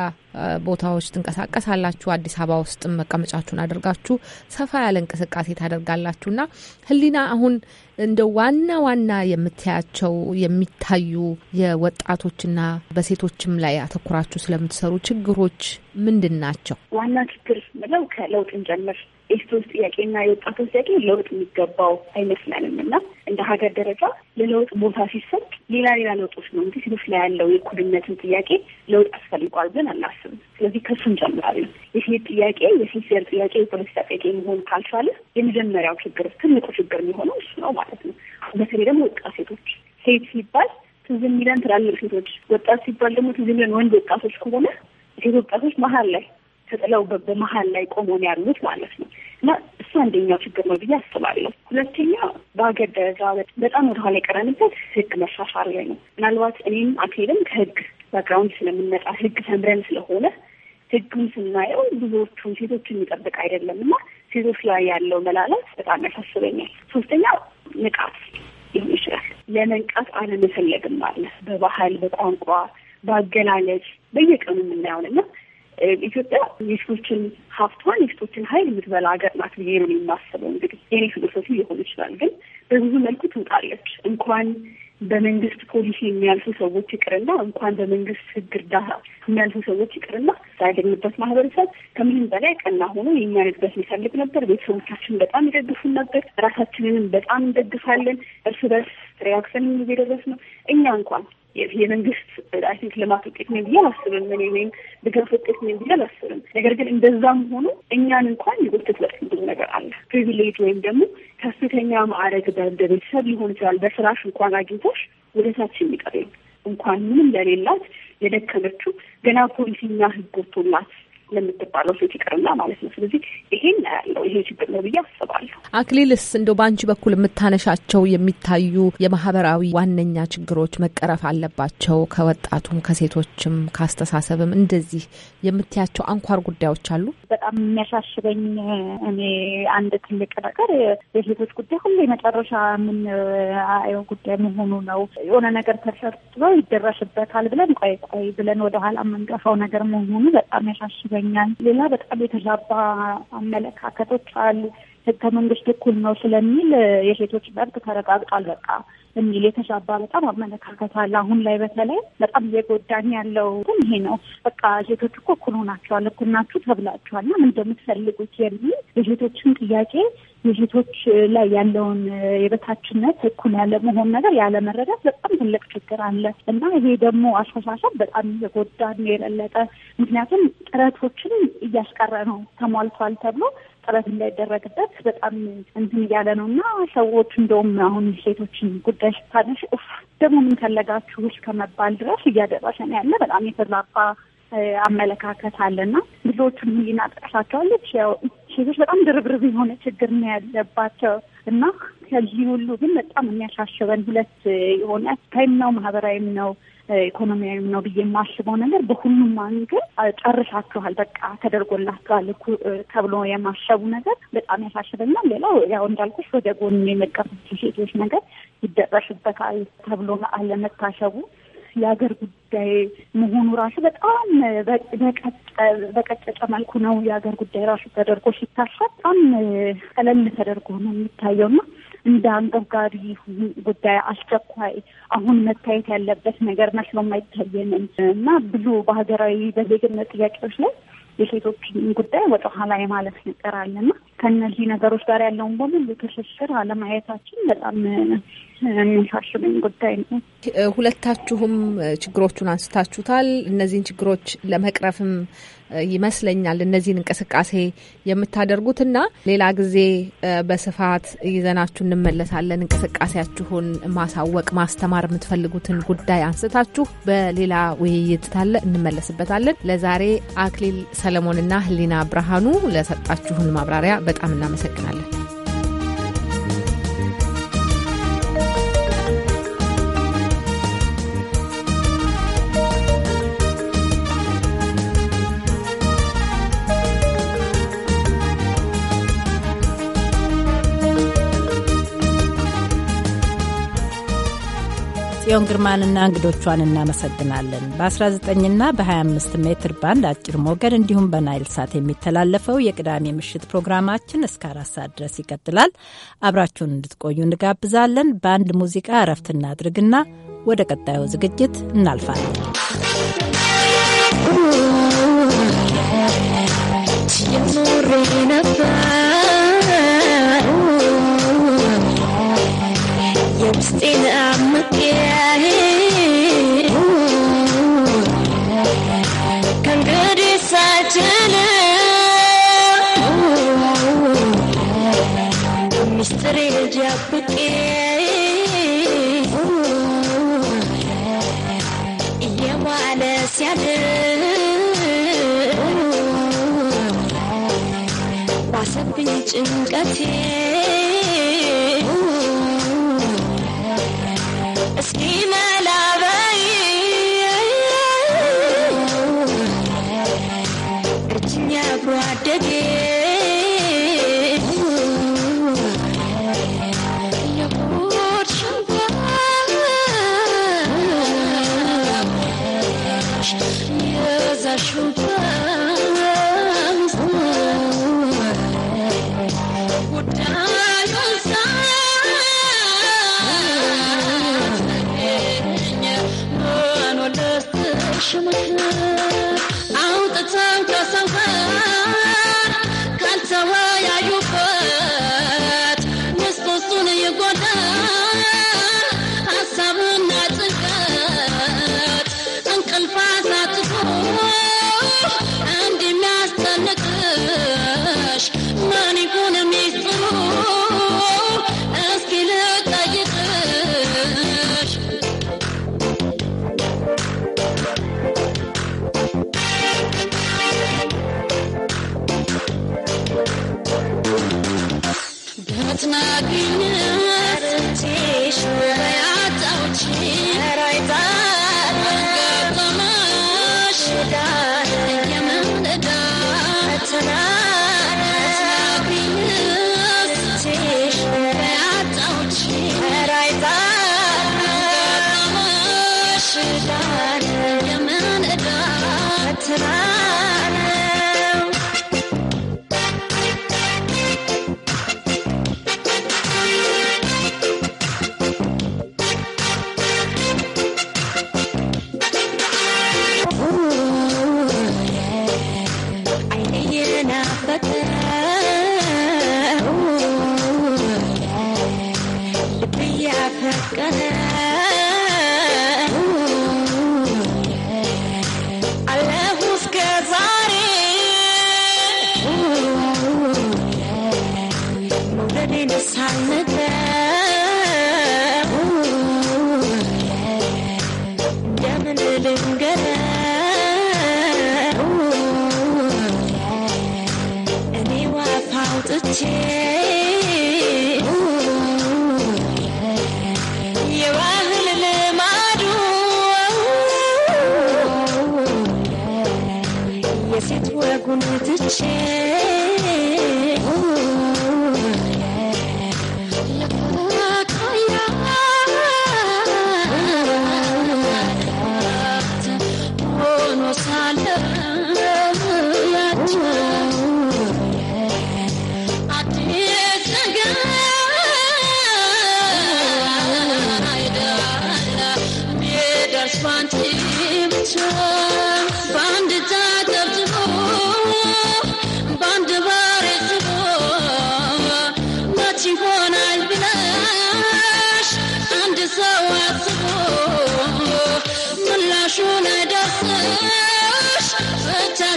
ቦታዎች ትንቀሳቀሳላችሁ። አዲስ አበባ ውስጥ መቀመጫችሁን አድርጋችሁ ሰፋ ያለ እንቅስቃሴ ታደርጋላችሁ እና ህሊና አሁን እንደ ዋና ዋና የምታያቸው የሚታዩ የወጣቶችና በሴቶችም ላይ አተኩራችሁ ስለምትሰሩ ችግሮች ምንድን ናቸው? ዋና ችግር ምለው ከለውጥ እንጀምር የሴቶች ጥያቄና የወጣቶች ጥያቄ ለውጥ የሚገባው አይመስለንም። እንደ ሀገር ደረጃ ለለውጥ ቦታ ሲሰጥ ሌላ ሌላ ለውጦች ነው እንግዲህ ሴቶች ላይ ያለው የእኩልነትን ጥያቄ ለውጥ አስፈልጓል ብለን አናስብም። ስለዚህ ከሱ ጀምራል የሴት ጥያቄ የሴት ዘር ጥያቄ የፖለቲካ ጥያቄ መሆን ካልቻለ የመጀመሪያው ችግር ትልቁ ችግር የሚሆነው እሱ ነው ማለት ነው። በተለይ ደግሞ ወጣት ሴቶች ሴት ሲባል ትዝ የሚለን ትላልቅ ሴቶች፣ ወጣት ሲባል ደግሞ ትዝ የሚለን ወንድ ወጣቶች ከሆነ ሴት ወጣቶች መሀል ላይ ተጥለው በመሀል ላይ ቆመን ያሉት ማለት ነው። እና እሱ አንደኛው ችግር ነው ብዬ አስባለሁ። ሁለተኛ በሀገር ደረጃ በጣም ወደኋላ የቀረንበት ህግ መሻሻል ላይ ነው። ምናልባት እኔም አክሊልም ከህግ ባክግራውንድ ስለምንመጣ ህግ ተምረን ስለሆነ ህጉን ስናየው ብዙዎቹን ሴቶች የሚጠብቅ አይደለም እና ሴቶች ላይ ያለው መላላት በጣም ያሳስበኛል። ሶስተኛ ንቃት ሊሆን ይችላል። ለመንቃት አለመፈለግም አለ በባህል በቋንቋ በአገላለጽ በየቀኑ የምናየውን እና ኢትዮጵያ የሴቶችን ሀብቷን የሴቶችን ኃይል የምትበላ ሀገር ናት ብዬ ነው የማስበው። እንግዲህ የኔ ፊሎሶፊ ሊሆን ይችላል፣ ግን በብዙ መልኩ ትውጣለች። እንኳን በመንግስት ፖሊሲ የሚያልፉ ሰዎች ይቅርና እንኳን በመንግስት ሕግ እርዳታ የሚያልፉ ሰዎች ይቅርና ያገኝበት ማህበረሰብ ከምንም በላይ ቀና ሆኖ የእኛ እድገት የሚፈልግ ነበር። ቤተሰቦቻችን በጣም ይደግፉን ነበር። ራሳችንንም በጣም እንደግፋለን። እርስ በርስ ሪያክሽን እየደረስ ነው። እኛ እንኳን የመንግስት አይ ቲንክ ልማት ውጤት ነው ብዬ አላስብም። እኔ ወይም ድጋፍ ውጤት ነው ብዬ አላስብም። ነገር ግን እንደዛም ሆኖ እኛን እንኳን የጎተትበት ብዙ ነገር አለ። ፕሪቪሌጅ ወይም ደግሞ ከፍተኛ ማዕረግ በቤተሰብ ሊሆን ይችላል፣ በስራሽ እንኳን አግኝተሽ ወደታች የሚቀር እንኳን ምንም ለሌላት የደከመችው ገና ፖሊሲና ህግ ወጥቶላት ለምትባለው ሴት ይቅርና ማለት ነው። ስለዚህ ይሄን ያለው ይሄ ችግር ነው ብዬ አስባለሁ። አክሊልስ እንደው በአንቺ በኩል የምታነሻቸው የሚታዩ የማህበራዊ ዋነኛ ችግሮች መቀረፍ አለባቸው ከወጣቱም ከሴቶችም ከአስተሳሰብም እንደዚህ የምትያቸው አንኳር ጉዳዮች አሉ? በጣም የሚያሳስበኝ እኔ አንድ ትልቅ ነገር የሴቶች ጉዳይ ሁሌ መጨረሻ የምናየው ጉዳይ መሆኑ ነው። የሆነ ነገር ተሰርቶ ይደረስበታል ብለን ቆይ ቆይ ብለን ወደኋላ የምንገፋው ነገር መሆኑ በጣም ያሳስበኝ ይመስለኛል። ሌላ በጣም የተዛባ አመለካከቶች አሉ። ህገ መንግስት እኩል ነው ስለሚል የሴቶች መብት ተረጋግጧል በቃ የሚል የተዛባ በጣም አመለካከት አለ። አሁን ላይ በተለይ በጣም እየጎዳኝ ያለው ግን ይሄ ነው። በቃ ሴቶች እኮ እኩል ሆናችኋል፣ እኩል ናችሁ ተብላችኋል፣ ምን እንደምትፈልጉት የሚል የሴቶችን ጥያቄ የሴቶች ላይ ያለውን የበታችነት እኩል ያለመሆን ነገር ያለመረዳት በጣም ትልቅ ችግር አለ እና ይሄ ደግሞ አስተሳሰብ በጣም እየጎዳን የበለጠ ምክንያቱም ጥረቶችን እያስቀረ ነው ተሟልቷል ተብሎ ጥረት እንዳይደረግበት በጣም እንትን እያለ ነው እና ሰዎች እንደውም አሁን ሴቶችን ጉዳይ ስታነሽ ኡፍ ደግሞ ምን ፈለጋችሁ እስከ መባል ድረስ እያደረሰ ነው ያለ በጣም የተዛባ አመለካከት አለና ብዙዎቹን ህሊና ጥቀሳቸዋለች። ያው ሴቶች በጣም ድርብርብ የሆነ ችግር ነው ያለባቸው እና ከዚህ ሁሉ ግን በጣም የሚያሳስበን ሁለት የሆነ ታይም ነው ማህበራዊም ነው ኢኮኖሚያዊ ነው ብዬ የማስበው ነገር በሁሉም አንግል ጨርሳችኋል፣ በቃ ተደርጎላችኋል ተብሎ የማሰቡ ነገር በጣም ያሳስበኛል። ሌላው ያው እንዳልኩሽ ወደ ጎን የመቀፉት ሴቶች ነገር ይደረስበታል ተብሎ አለመታሰቡ የሀገር ጉዳይ መሆኑ ራሱ በጣም በቀጨጨ መልኩ ነው የሀገር ጉዳይ ራሱ ተደርጎ ሲታሰብ በጣም ቀለል ተደርጎ ነው ና እንደ አንገብጋቢ ጉዳይ አስቸኳይ አሁን መታየት ያለበት ነገር መስሎም አይታየንም እና ብዙ በሀገራዊ በዜግነት ጥያቄዎች ላይ የሴቶችን ጉዳይ ወደ የማለት ነገር አለና ከእነዚህ ነገሮች ጋር ያለውን በሙሉ ትስስር አለማየታችን በጣም የሚያሳስበኝ ጉዳይ ነው። ሁለታችሁም ችግሮቹን አንስታችሁታል። እነዚህን ችግሮች ለመቅረፍም ይመስለኛል እነዚህን እንቅስቃሴ የምታደርጉት እና ሌላ ጊዜ በስፋት ይዘናችሁ እንመለሳለን። እንቅስቃሴያችሁን ማሳወቅ፣ ማስተማር የምትፈልጉትን ጉዳይ አንስታችሁ በሌላ ውይይት ታለ እንመለስበታለን። ለዛሬ አክሊል ሰለሞንና ህሊና ብርሃኑ ለሰጣችሁን ማብራሪያ በጣም እናመሰግናለን። ጽዮን ግርማንና እንግዶቿን እናመሰግናለን። በ19ና በ25 ሜትር ባንድ አጭር ሞገድ እንዲሁም በናይል ሳት የሚተላለፈው የቅዳሜ ምሽት ፕሮግራማችን እስከ አራት ሰዓት ድረስ ይቀጥላል። አብራችሁን እንድትቆዩ እንጋብዛለን። በአንድ ሙዚቃ እረፍት እናድርግና ወደ ቀጣዩ ዝግጅት እናልፋለን። የኖሬ ነበር ውስጤን አምቄ ከእንግዲህ ሳልችልም ምስጢሬን ደብቄ እየዋለ ሲያድር ባሰብኝ ጭንቀቴ again. yeah, I'm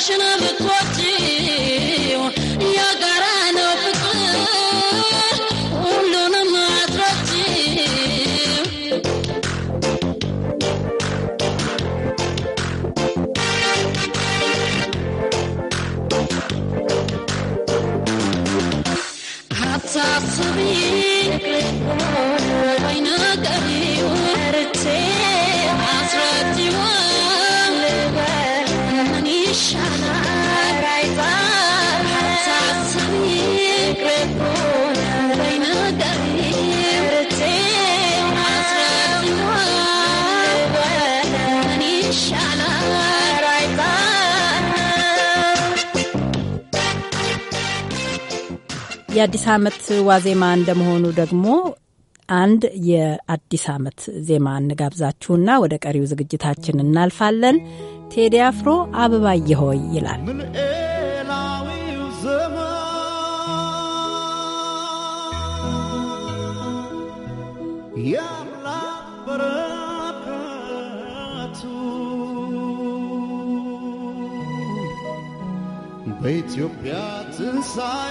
passion of the የአዲስ ዓመት ዋዜማ እንደመሆኑ ደግሞ አንድ የአዲስ ዓመት ዜማ እንጋብዛችሁና ወደ ቀሪው ዝግጅታችን እናልፋለን። ቴዲ አፍሮ አበባዬ ሆይ ይላል። በኢትዮጵያ ትንሣኤ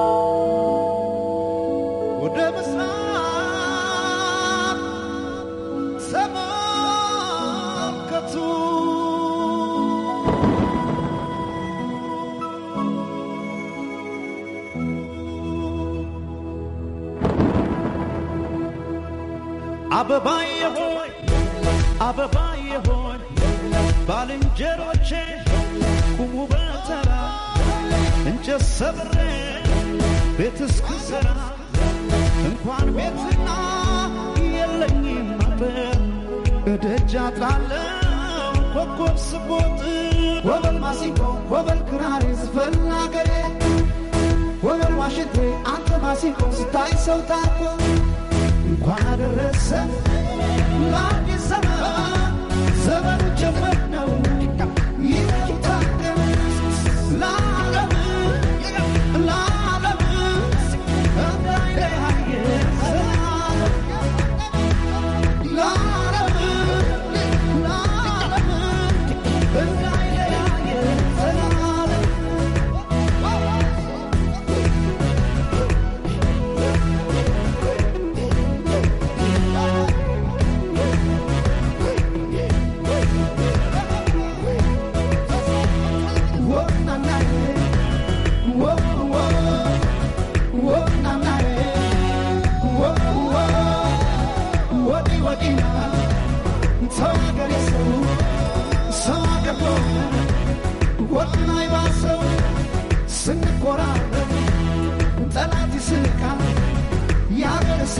አበባዬ ሆይ አበባዬ ሆይ ባልንጀሮቼ ቁሙ በተራ እንጨት ሰብሬ ቤት እስክሰራ እንኳን ቤትና የለኝም አጥር እደጃ ጥላለው ኮኮብ ስቦጥር ወበል ማሲንቆ ወበል ክራሬ ዝፈን አገሬ ወበል ዋሽንቴ አንተ ማሲንቆ ስታይ ሰው ታኮ እንኳን አደረሰ ለአዲስ ዘመን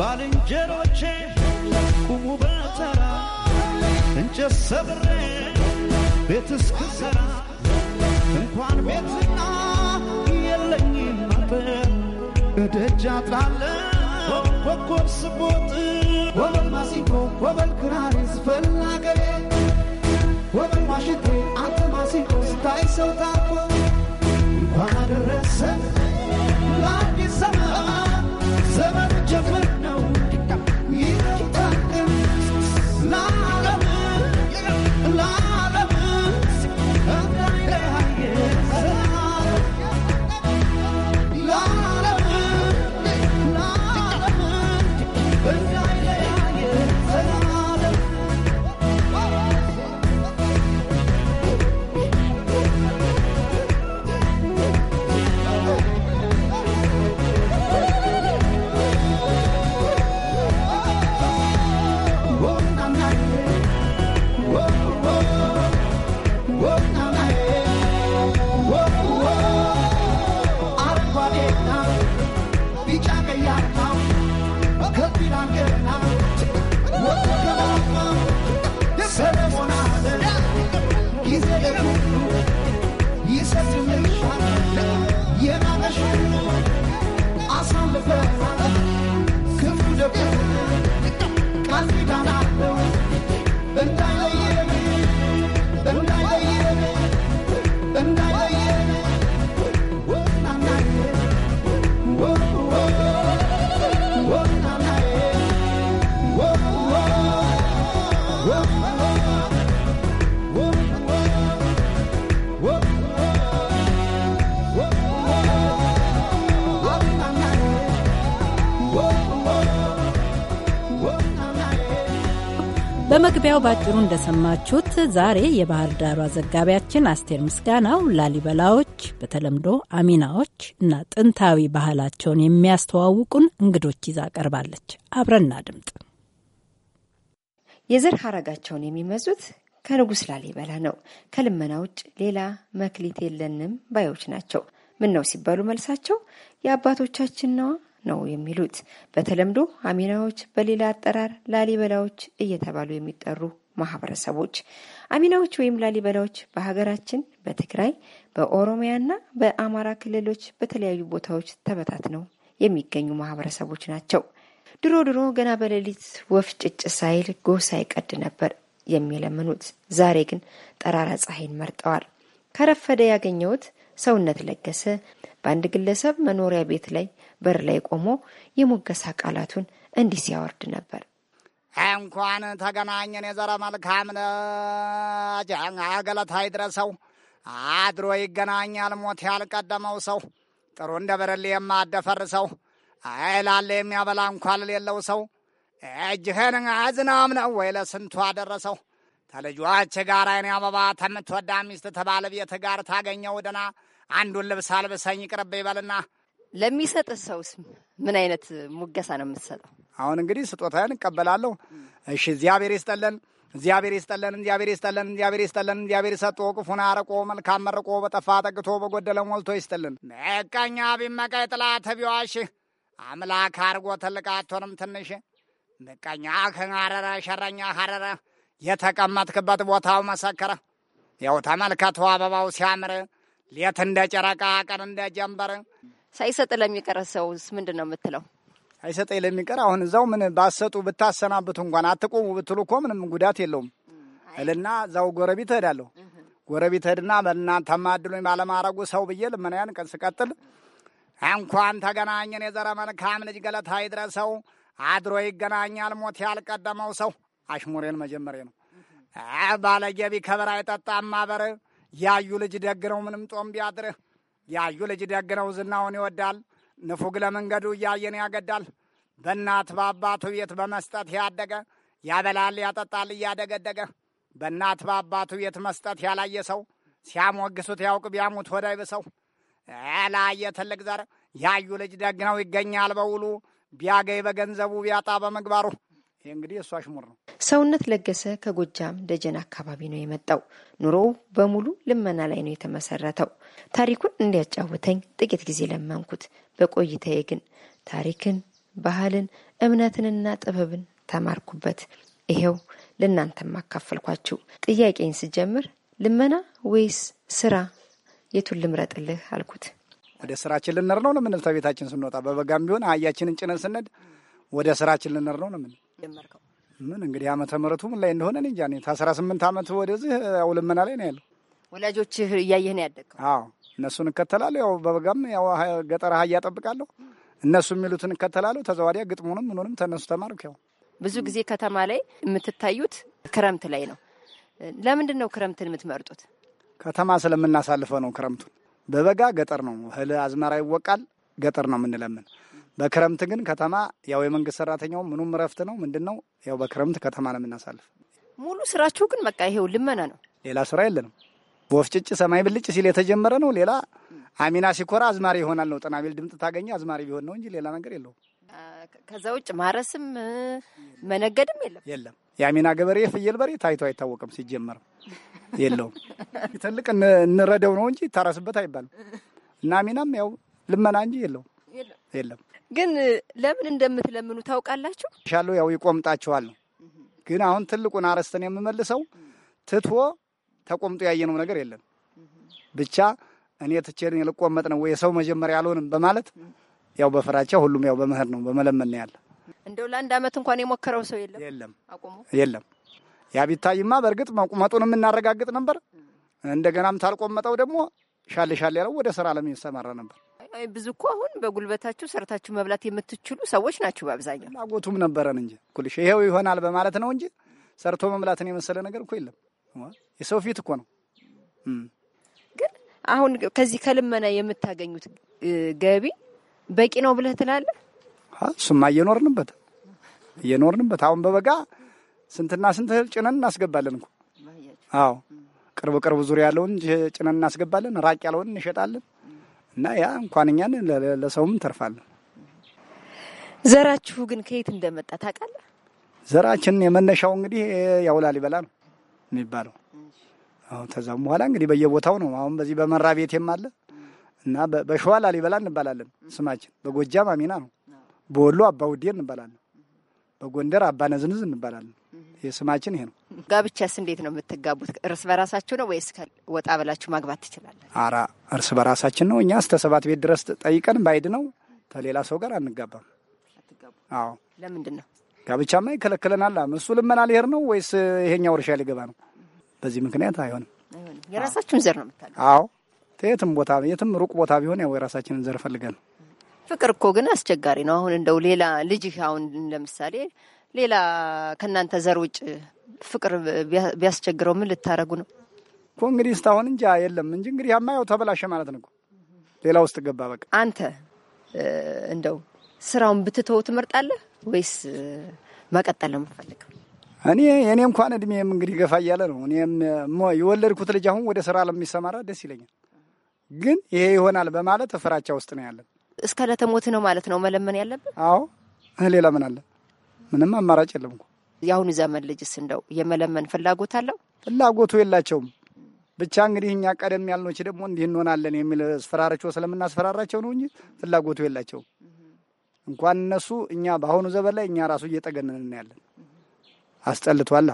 ባልንጀሮቼ ቁሙ በተራ እንጨት ሰብሬ ቤት እስክሰራ እንኳን ቤትና የለኝም አጥር እደጃ ጥላለ ኮኮብ ስቦጥ ወበል ማሲንቆ ወበል ክራሪ ወበል ማሽቴ አንተ ማሲንቆ ስታይ ሰው ታኮ በመግቢያው ባጭሩ እንደሰማችሁት ዛሬ የባህር ዳሯ ዘጋቢያችን አስቴር ምስጋናው ላሊበላዎች በተለምዶ አሚናዎች እና ጥንታዊ ባህላቸውን የሚያስተዋውቁን እንግዶች ይዛ ቀርባለች። አብረና ድምጥ የዘር ሀረጋቸውን የሚመዙት ከንጉሥ ላሊበላ ነው። ከልመና ውጭ ሌላ መክሊት የለንም ባዮች ናቸው። ምን ነው ሲባሉ መልሳቸው የአባቶቻችን ነዋ ነው የሚሉት። በተለምዶ አሚናዎች፣ በሌላ አጠራር ላሊበላዎች እየተባሉ የሚጠሩ ማህበረሰቦች አሚናዎች ወይም ላሊበላዎች በሀገራችን በትግራይ በኦሮሚያና በአማራ ክልሎች በተለያዩ ቦታዎች ተበታትነው የሚገኙ ማህበረሰቦች ናቸው። ድሮ ድሮ ገና በሌሊት ወፍ ጭጭ ሳይል ጎህ ሳይቀድ ነበር የሚለምኑት። ዛሬ ግን ጠራራ ፀሐይን መርጠዋል። ከረፈደ ያገኘሁት ሰውነት ለገሰ በአንድ ግለሰብ መኖሪያ ቤት ላይ በር ላይ ቆሞ የሞገሳ ቃላቱን እንዲህ ሲያወርድ ነበር። እንኳን ተገናኘን የዘረ መልካም ልጅ አገለታ ይድረሰው አድሮ ይገናኛል ሞት ያልቀደመው ሰው ጥሩ እንደ በረሌ የማደፈር ሰው አይላለ የሚያበላ እንኳን ሌለው ሰው እጅህን አዝናም ነው ወይ ለስንቱ አደረሰው ተልጇች ጋር አይኔ አበባ ተምትወዳ ሚስት ቤት ጋር ታገኘው ደና አንድ ወን ለብሳ አልበሳኝ ቅረበ ይባልና ለሚሰጥህ ሰውስ ምን አይነት ሙገሳ ነው የምትሰጠው? አሁን እንግዲህ ስጦታን እቀበላለሁ። እሺ እግዚአብሔር ይስጠለን፣ እግዚአብሔር ይስጠለን፣ እግዚአብሔር ይስጠለን፣ እግዚአብሔር ይስጠለን፣ እግዚአብሔር ሰጥቶ ቅፉን አርቆ መልካም መርቆ በጠፋ ጠግቶ በጎደለ ሞልቶ ይስጥልን። ምቀኛ ቢመቃ የጥላ ተቢዋሽ አምላክ አርጎ ትልቅ አትሆንም ትንሽ ምቀኛ ከናረረ ሸረኛ ሀረረ የተቀመጥክበት ቦታው መሰከረ። ያው ተመልከቱ አበባው ሲያምር ሌት እንደ ጨረቃ ቀን እንደ ጀንበር ሳይሰጥ ለሚቀር ሰውስ ምንድን ነው የምትለው? አይሰጠኝ ለሚቀር አሁን እዛው ምን ባሰጡ ብታሰናብቱ እንኳን አትቆሙ ብትሉ እኮ ምንም ጉዳት የለውም እልና እዛው ጎረቤት እሄዳለሁ። ጎረቤት እሄድና በእናንተ ማድሉኝ ባለማረጉ ሰው ብዬ ልመናያን ቀን ስቀጥል እንኳን ተገናኘን የዘረ መልካም ልጅ ገለታ ይድረሰው አድሮ ይገናኛል ሞት ያልቀደመው ሰው አሽሙሬን መጀመሬ ነው ባለጌቢ ከበራ አይጠጣም ማበር ያዩ ልጅ ደግ ነው ምንም ጦም ቢያድርህ። ያዩ ልጅ ደግ ነው ዝናውን ይወዳል። ንፉግ ለመንገዱ እያየን ያገዳል። በእናት በአባቱ ቤት በመስጠት ያደገ ያበላል ያጠጣል እያደገደገ። በእናት በአባቱ ቤት መስጠት ያላየ ሰው ሲያሞግሱት ያውቅ ቢያሙት ወዳይ ብሰው ላየ ትልቅ ዘር ያዩ ልጅ ደግ ነው ይገኛል በውሉ ቢያገኝ በገንዘቡ ቢያጣ በምግባሩ ይህ እንግዲህ እሷ ሽሙር ነው። ሰውነት ለገሰ ከጎጃም ደጀን አካባቢ ነው የመጣው። ኑሮው በሙሉ ልመና ላይ ነው የተመሰረተው። ታሪኩን እንዲያጫውተኝ ጥቂት ጊዜ ለመንኩት። በቆይታዬ ግን ታሪክን፣ ባህልን፣ እምነትንና ጥበብን ተማርኩበት። ይኸው ለእናንተም አካፈልኳችሁ። ጥያቄን ስጀምር ልመና ወይስ ስራ የቱን ልምረጥልህ አልኩት። ወደ ስራችን ልንር ነው ለምንል። ተቤታችን ስንወጣ በበጋም ቢሆን አህያችንን ጭነን ስንሄድ ወደ ስራችን ልንር ነው ለምንል ጀመርከው? ምን እንግዲህ ዓመተ ምሕረቱ ምን ላይ እንደሆነ እኔ እንጃ። እኔ አስራ ስምንት ዓመት ወደዚህ ያው ልመና ላይ ነው ያለው። ወላጆችህ እያየህ ነው ያደግከው? አዎ እነሱን እከተላለሁ። ያው በበጋም ያው ገጠር አህያ እጠብቃለሁ። እነሱ የሚሉትን እከተላለሁ። ተዛ ግጥሙንም ምኑንም ተነሱ ተማርክ። ያው ብዙ ጊዜ ከተማ ላይ የምትታዩት ክረምት ላይ ነው። ለምንድን ነው ክረምትን የምትመርጡት? ከተማ ስለምናሳልፈው ነው። ክረምቱን በበጋ ገጠር ነው። እህል አዝመራ ይወቃል። ገጠር ነው የምንለምን። በክረምት ግን ከተማ ያው የመንግስት ሰራተኛው ምኑም እረፍት ነው ምንድን ነው ያው በክረምት ከተማ ነው የምናሳልፍ። ሙሉ ስራችሁ ግን በቃ ይሄው ልመና ነው፣ ሌላ ስራ የለንም። ወፍጭጭ ሰማይ ብልጭ ሲል የተጀመረ ነው። ሌላ አሚና ሲኮራ አዝማሪ ይሆናል ነው ጥናቤል ድምፅ ታገኘ አዝማሪ ቢሆን ነው እንጂ ሌላ ነገር የለውም። ከዛ ውጭ ማረስም መነገድም የለም የለም። የአሚና ገበሬ ፍየል በሬ ታይቶ አይታወቅም። ሲጀመርም የለውም። ትልቅ እንረደው ነው እንጂ ታረስበት አይባልም። እና አሚናም ያው ልመና እንጂ የለውም የለም ግን ለምን እንደምትለምኑ ታውቃላችሁ? ሻለው ያው ይቆምጣችኋል ግን አሁን ትልቁን አረስተን የምመልሰው ትቶ ተቆምጦ ያየነው ነገር የለም። ብቻ እኔ ትቼን ልቆመጥ ነው የሰው መጀመሪያ አልሆንም በማለት ያው በፍራቻ ሁሉም ያው በምህር ነው በመለመን ያለ እንደው ለአንድ አመት እንኳን የሞከረው ሰው የለም የለም የለም። ያ ቢታይማ በእርግጥ መቁመጡን የምናረጋግጥ ነበር። እንደገናም ታልቆመጠው ደግሞ ሻል ሻል ያለው ወደ ስራ ለሚሰማራ ነበር። ብዙ እኮ አሁን በጉልበታችሁ ሰርታችሁ መብላት የምትችሉ ሰዎች ናችሁ። በአብዛኛው ፍላጎቱም ነበረን እንጂ ኩልሽ ይሄው ይሆናል በማለት ነው እንጂ ሰርቶ መብላትን የመሰለ ነገር እኮ የለም። የሰው ፊት እኮ ነው። ግን አሁን ከዚህ ከልመና የምታገኙት ገቢ በቂ ነው ብለህ ትላለህ? እሱማ እየኖርንበት እየኖርንበት አሁን በበጋ ስንትና ስንት ጭነን እናስገባለን እኮ። አዎ ቅርብ ቅርብ ዙሪያ ያለውን ጭነን እናስገባለን፣ ራቅ ያለውን እንሸጣለን። እና ያ እንኳን እኛን ለሰውም እንተርፋለን። ዘራችሁ ግን ከየት እንደመጣ ታውቃለህ? ዘራችን የመነሻው እንግዲህ ያው ላሊበላ ነው የሚባለው። አሁን ተዛም በኋላ እንግዲህ በየቦታው ነው። አሁን በዚህ በመራ ቤቴም አለ እና በሸዋ ላሊበላ እንባላለን ስማችን። በጎጃም አሚና ነው። በወሎ አባውዴ እንባላለን። በጎንደር አባ ነዝንዝ እንባላለን። የስማችን ይሄ ነው። ጋብቻስ እንዴት ነው የምትጋቡት? እርስ በራሳችሁ ነው ወይስ ወጣ ብላችሁ ማግባት ትችላለን? አራ እርስ በራሳችን ነው። እኛ እስከ ሰባት ቤት ድረስ ጠይቀን ባይድ ነው ከሌላ ሰው ጋር አንጋባም። አዎ ለምንድን ነው ጋብቻማ ይከለክለናል። እሱ ልመና ሊሄድ ነው ወይስ ይሄኛው እርሻ ሊገባ ነው? በዚህ ምክንያት አይሆንም። የራሳችሁን ዘር ነው የምታገ አዎ የትም ቦታ የትም ሩቅ ቦታ ቢሆን ያው የራሳችንን ዘር ፈልገን ፍቅር እኮ ግን አስቸጋሪ ነው። አሁን እንደው ሌላ ልጅህ አሁን ለምሳሌ ሌላ ከእናንተ ዘር ውጭ ፍቅር ቢያስቸግረው ምን ልታረጉ ነው እኮ እንግዲህ እስካሁን እንጂ የለም እንጂ እንግዲህ ያማየው ተበላሸ ማለት ነው። ሌላ ውስጥ ገባ በቃ። አንተ እንደው ስራውን ብትተው ትመርጣለህ ወይስ መቀጠል ነው የምትፈልገው? እኔ እኔ እንኳን እድሜም እንግዲህ ገፋ እያለ ነው። እኔም የወለድኩት ልጅ አሁን ወደ ስራ ለሚሰማራ ደስ ይለኛል፣ ግን ይሄ ይሆናል በማለት ፍራቻ ውስጥ ነው ያለን። እስከ ለተሞት ነው ማለት ነው መለመን ያለብን። አዎ ሌላ ምን አለ? ምንም አማራጭ የለም የአሁኑ ዘመን ልጅስ እንደው የመለመን ፍላጎት አለው? ፍላጎቱ የላቸውም። ብቻ እንግዲህ እኛ ቀደም ያልኖች ደግሞ እንዲህ እንሆናለን የሚል አስፈራራቸው ስለምናስፈራራቸው ነው እንጂ ፍላጎቱ የላቸውም። እንኳን እነሱ እኛ በአሁኑ ዘመን ላይ እኛ ራሱ እየጠገነን እናያለን። አስጠልቷላ።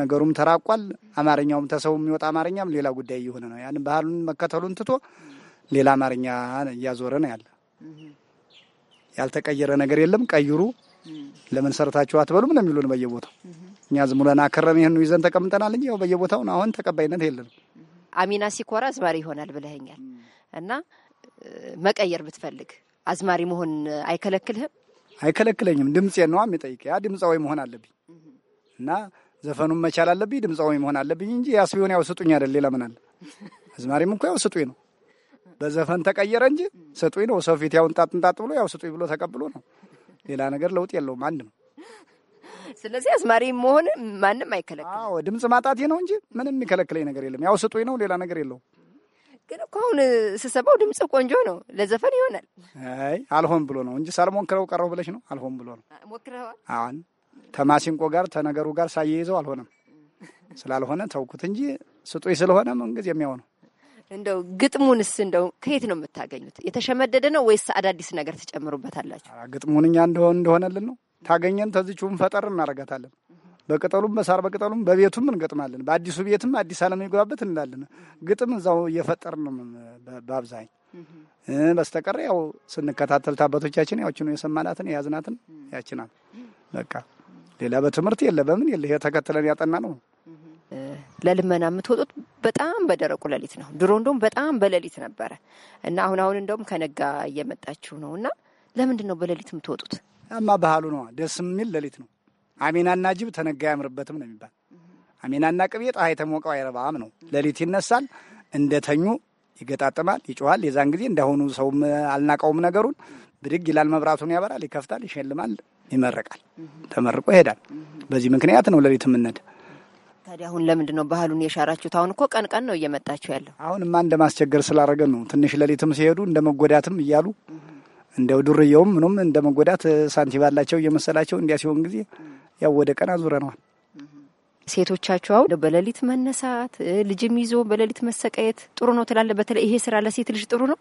ነገሩም ተራቋል። አማርኛውም ተሰው የሚወጣ አማርኛም ሌላ ጉዳይ እየሆነ ነው። ያን ባህሉን መከተሉን ትቶ ሌላ አማርኛ እያዞረ ነው ያለ። ያልተቀየረ ነገር የለም። ቀይሩ ለምን ሰርታችሁ አትበሉም ነው የሚሉን በየቦታው። እኛ ዝም ብለን አከረም ይህን ይዘን ተቀምጠናል እንጂ ያው በየቦታው አሁን ተቀባይነት የለንም። አሚና ሲኮራ አዝማሪ ይሆናል ብለኸኛል እና መቀየር ብትፈልግ አዝማሪ መሆን አይከለክልህም? አይከለክለኝም። ድምፄ ነዋ የሚጠይቅ ያ ድምፃዊ መሆን አለብኝ እና ዘፈኑን መቻል አለብኝ ድምፃዊ መሆን አለብኝ እንጂ ያስቢሆን ያው ስጡኝ አይደል ሌላ ምን አለ አዝማሪም እኮ ያው ስጡኝ ነው በዘፈን ተቀየረ እንጂ ስጡኝ ነው። ሰው ፊት ያውን እንጣጥ እንጣጥ ብሎ ያው ስጡኝ ብሎ ተቀብሎ ነው። ሌላ ነገር ለውጥ የለውም አንድ ነው። ስለዚህ አስማሪ መሆን ማንም አይከለክል። ድምፅ ማጣቴ ነው እንጂ ምንም የሚከለክለኝ ነገር የለም። ያው ስጡኝ ነው፣ ሌላ ነገር የለውም። ግን እኮ አሁን ስሰባው ድምፅ ቆንጆ ነው፣ ለዘፈን ይሆናል። አይ አልሆን ብሎ ነው እንጂ ሳልሞክረው ቀረው ብለሽ ነው። አልሆን ብሎ ነው ሞክረዋል። አሁን ተማሲንቆ ጋር ተነገሩ ጋር ሳያይዘው አልሆነም። ስላልሆነ ተውኩት እንጂ ስጡኝ ስለሆነ ምንጊዜ ያው ነው። እንደው ግጥሙንስ እንደው ከየት ነው የምታገኙት? የተሸመደደ ነው ወይስ አዳዲስ ነገር ትጨምሩበታላችሁ? ግጥሙን እኛ እንደሆን እንደሆነልን ነው ታገኘን ተዝችውን ፈጠር እናረጋታለን። በቅጠሉም በሳር በቅጠሉም በቤቱም እንገጥማለን። በአዲሱ ቤትም አዲስ አለም ይግባበት እንላለን። ግጥም እዛው እየፈጠር ነው በአብዛኝ በስተቀር ያው ስንከታተል ታባቶቻችን ያችኑ የሰማናትን የያዝናትን ያችናል። በቃ ሌላ በትምህርት የለ በምን የለ ተከትለን ያጠና ነው ለልመና የምትወጡት በጣም በደረቁ ሌሊት ነው። ድሮ እንደውም በጣም በሌሊት ነበረ እና አሁን አሁን እንደውም ከነጋ እየመጣችሁ ነው እና ለምንድን ነው በሌሊት የምትወጡት? አማ ባህሉ ነው። ደስ የሚል ሌሊት ነው። አሜናና ጅብ ተነጋ አያምርበትም ነው የሚባል። አሜናና ቅቤ ፀሐይ ተሞቀው አይረባም ነው። ሌሊት ይነሳል እንደተኙ ይገጣጥማል፣ ይጮኋል። የዛን ጊዜ እንዳሁኑ ሰውም አልናቀውም ነገሩን። ብድግ ይላል፣ መብራቱን ያበራል፣ ይከፍታል፣ ይሸልማል፣ ይመረቃል፣ ተመርቆ ይሄዳል። በዚህ ምክንያት ነው ሌሊት ታዲያ አሁን ለምንድን ነው ባህሉን የሻራችሁት? አሁን እኮ ቀን ቀን ነው እየመጣችሁ ያለው። አሁንማ እንደ ማስቸገር ስላደረገ ነው። ትንሽ ሌሊትም ሲሄዱ እንደ መጎዳትም እያሉ እንደው ዱርየውም ምኑም እንደ መጎዳት ሳንቲም እየመሰላቸው እንዲያ ሲሆን ጊዜ ያው ወደ ቀን አዙረነዋል። ሴቶቻችሁ አሁን በሌሊት መነሳት ልጅም ይዞ በሌሊት መሰቃየት ጥሩ ነው ትላለ። በተለይ ይሄ ስራ ለሴት ልጅ ጥሩ ነው።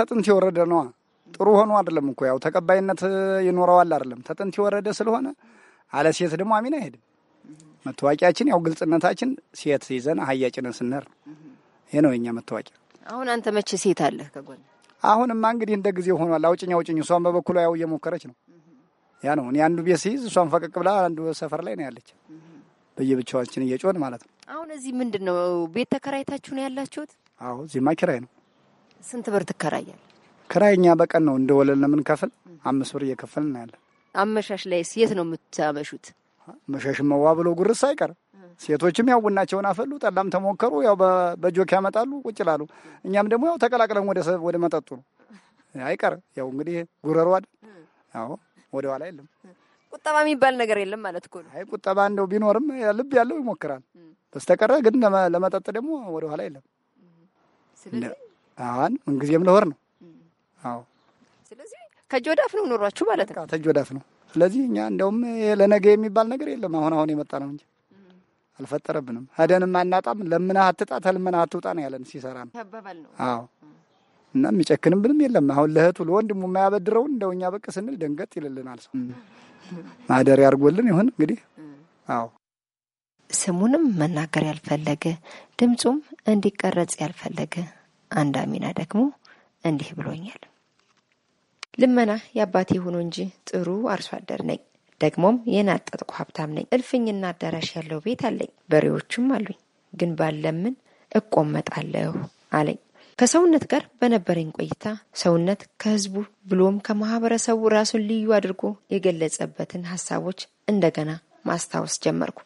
ተጥንት የወረደ ነዋ። ጥሩ ሆኖ አይደለም እኮ ያው ተቀባይነት ይኖረዋል አይደለም። ተጥንት የወረደ ስለሆነ አለ ደግሞ አሚን አይሄድም። መታወቂያችን ያው ግልጽነታችን ሴት ይዘን አህያ ስነር ስንር ይሄ ነው የኛ መታወቂያ። አሁን አንተ መቼ ሴት አለህ ከጎን? አሁንማ እንግዲህ እንደ ጊዜ ሆኗል። አውጭኝ አውጭኝ። እሷን በበኩሉ ያው እየሞከረች ነው። ያ ነው እኔ አንዱ ቤት ሲይዝ እሷን ፈቀቅ ብላ አንዱ ሰፈር ላይ ነው ያለች። በየብቻችን እየጮን ማለት ነው። አሁን እዚህ ምንድን ነው ቤት ተከራይታችሁ ነው ያላችሁት? አዎ እዚህማ ኪራይ ነው። ስንት ብር ትከራያል? ክራይኛ በቀን ነው እንደ ወለል ነው የምንከፍል። አምስት ብር እየከፈልን ነው ያለን። አመሻሽ ላይስ የት ነው የምታመሹት? መሸሽ መዋ ብሎ ጉርስ አይቀር ሴቶችም ያው ቡናቸውን አፈሉ፣ ጠላም ተሞከሩ፣ ያው በጆክ ያመጣሉ፣ ቁጭ ላሉ እኛም ደግሞ ያው ተቀላቅለን ወደ መጠጡ ነው አይቀር። ያው እንግዲህ ጉረሩ አዎ ወደ ኋላ የለም። ቁጠባ የሚባል ነገር የለም ማለት እኮ ነው። አይ ቁጠባ እንደው ቢኖርም ልብ ያለው ይሞክራል። በስተቀረ ግን ለመጠጥ ደግሞ ወደ ኋላ የለም። አሁን ምንጊዜም ለወር ነው። አዎ ስለዚህ ከጆዳፍ ነው ኑሯችሁ ማለት ነው። ከጆዳፍ ነው ስለዚህ እኛ እንደውም ለነገ የሚባል ነገር የለም። አሁን አሁን የመጣ ነው እንጂ አልፈጠረብንም። ሄደንም አናጣም። ለምና አትጣ ተልመነህ አትውጣ ነው ያለን ሲሰራ ነው። አዎ እና ብንም የለም። አሁን ለእህቱ ለወንድሙ የማያበድረውን እንደው እኛ በቅ ስንል ደንገጥ ይልልናል ሰው። ማደር ያርጎልን ይሁን እንግዲህ። አዎ ስሙንም መናገር ያልፈለገ ድምፁም እንዲቀረጽ ያልፈለገ አንድ አሚና ደግሞ እንዲህ ብሎኛል። ልመና የአባቴ ሆኖ እንጂ ጥሩ አርሶ አደር ነኝ። ደግሞም የናጠጥኩ ሀብታም ነኝ። እልፍኝና አዳራሽ ያለው ቤት አለኝ፣ በሬዎቹም አሉኝ። ግን ባለምን እቆመጣለሁ አለኝ። ከሰውነት ጋር በነበረኝ ቆይታ ሰውነት ከህዝቡ ብሎም ከማህበረሰቡ ራሱን ልዩ አድርጎ የገለጸበትን ሀሳቦች እንደገና ማስታወስ ጀመርኩ።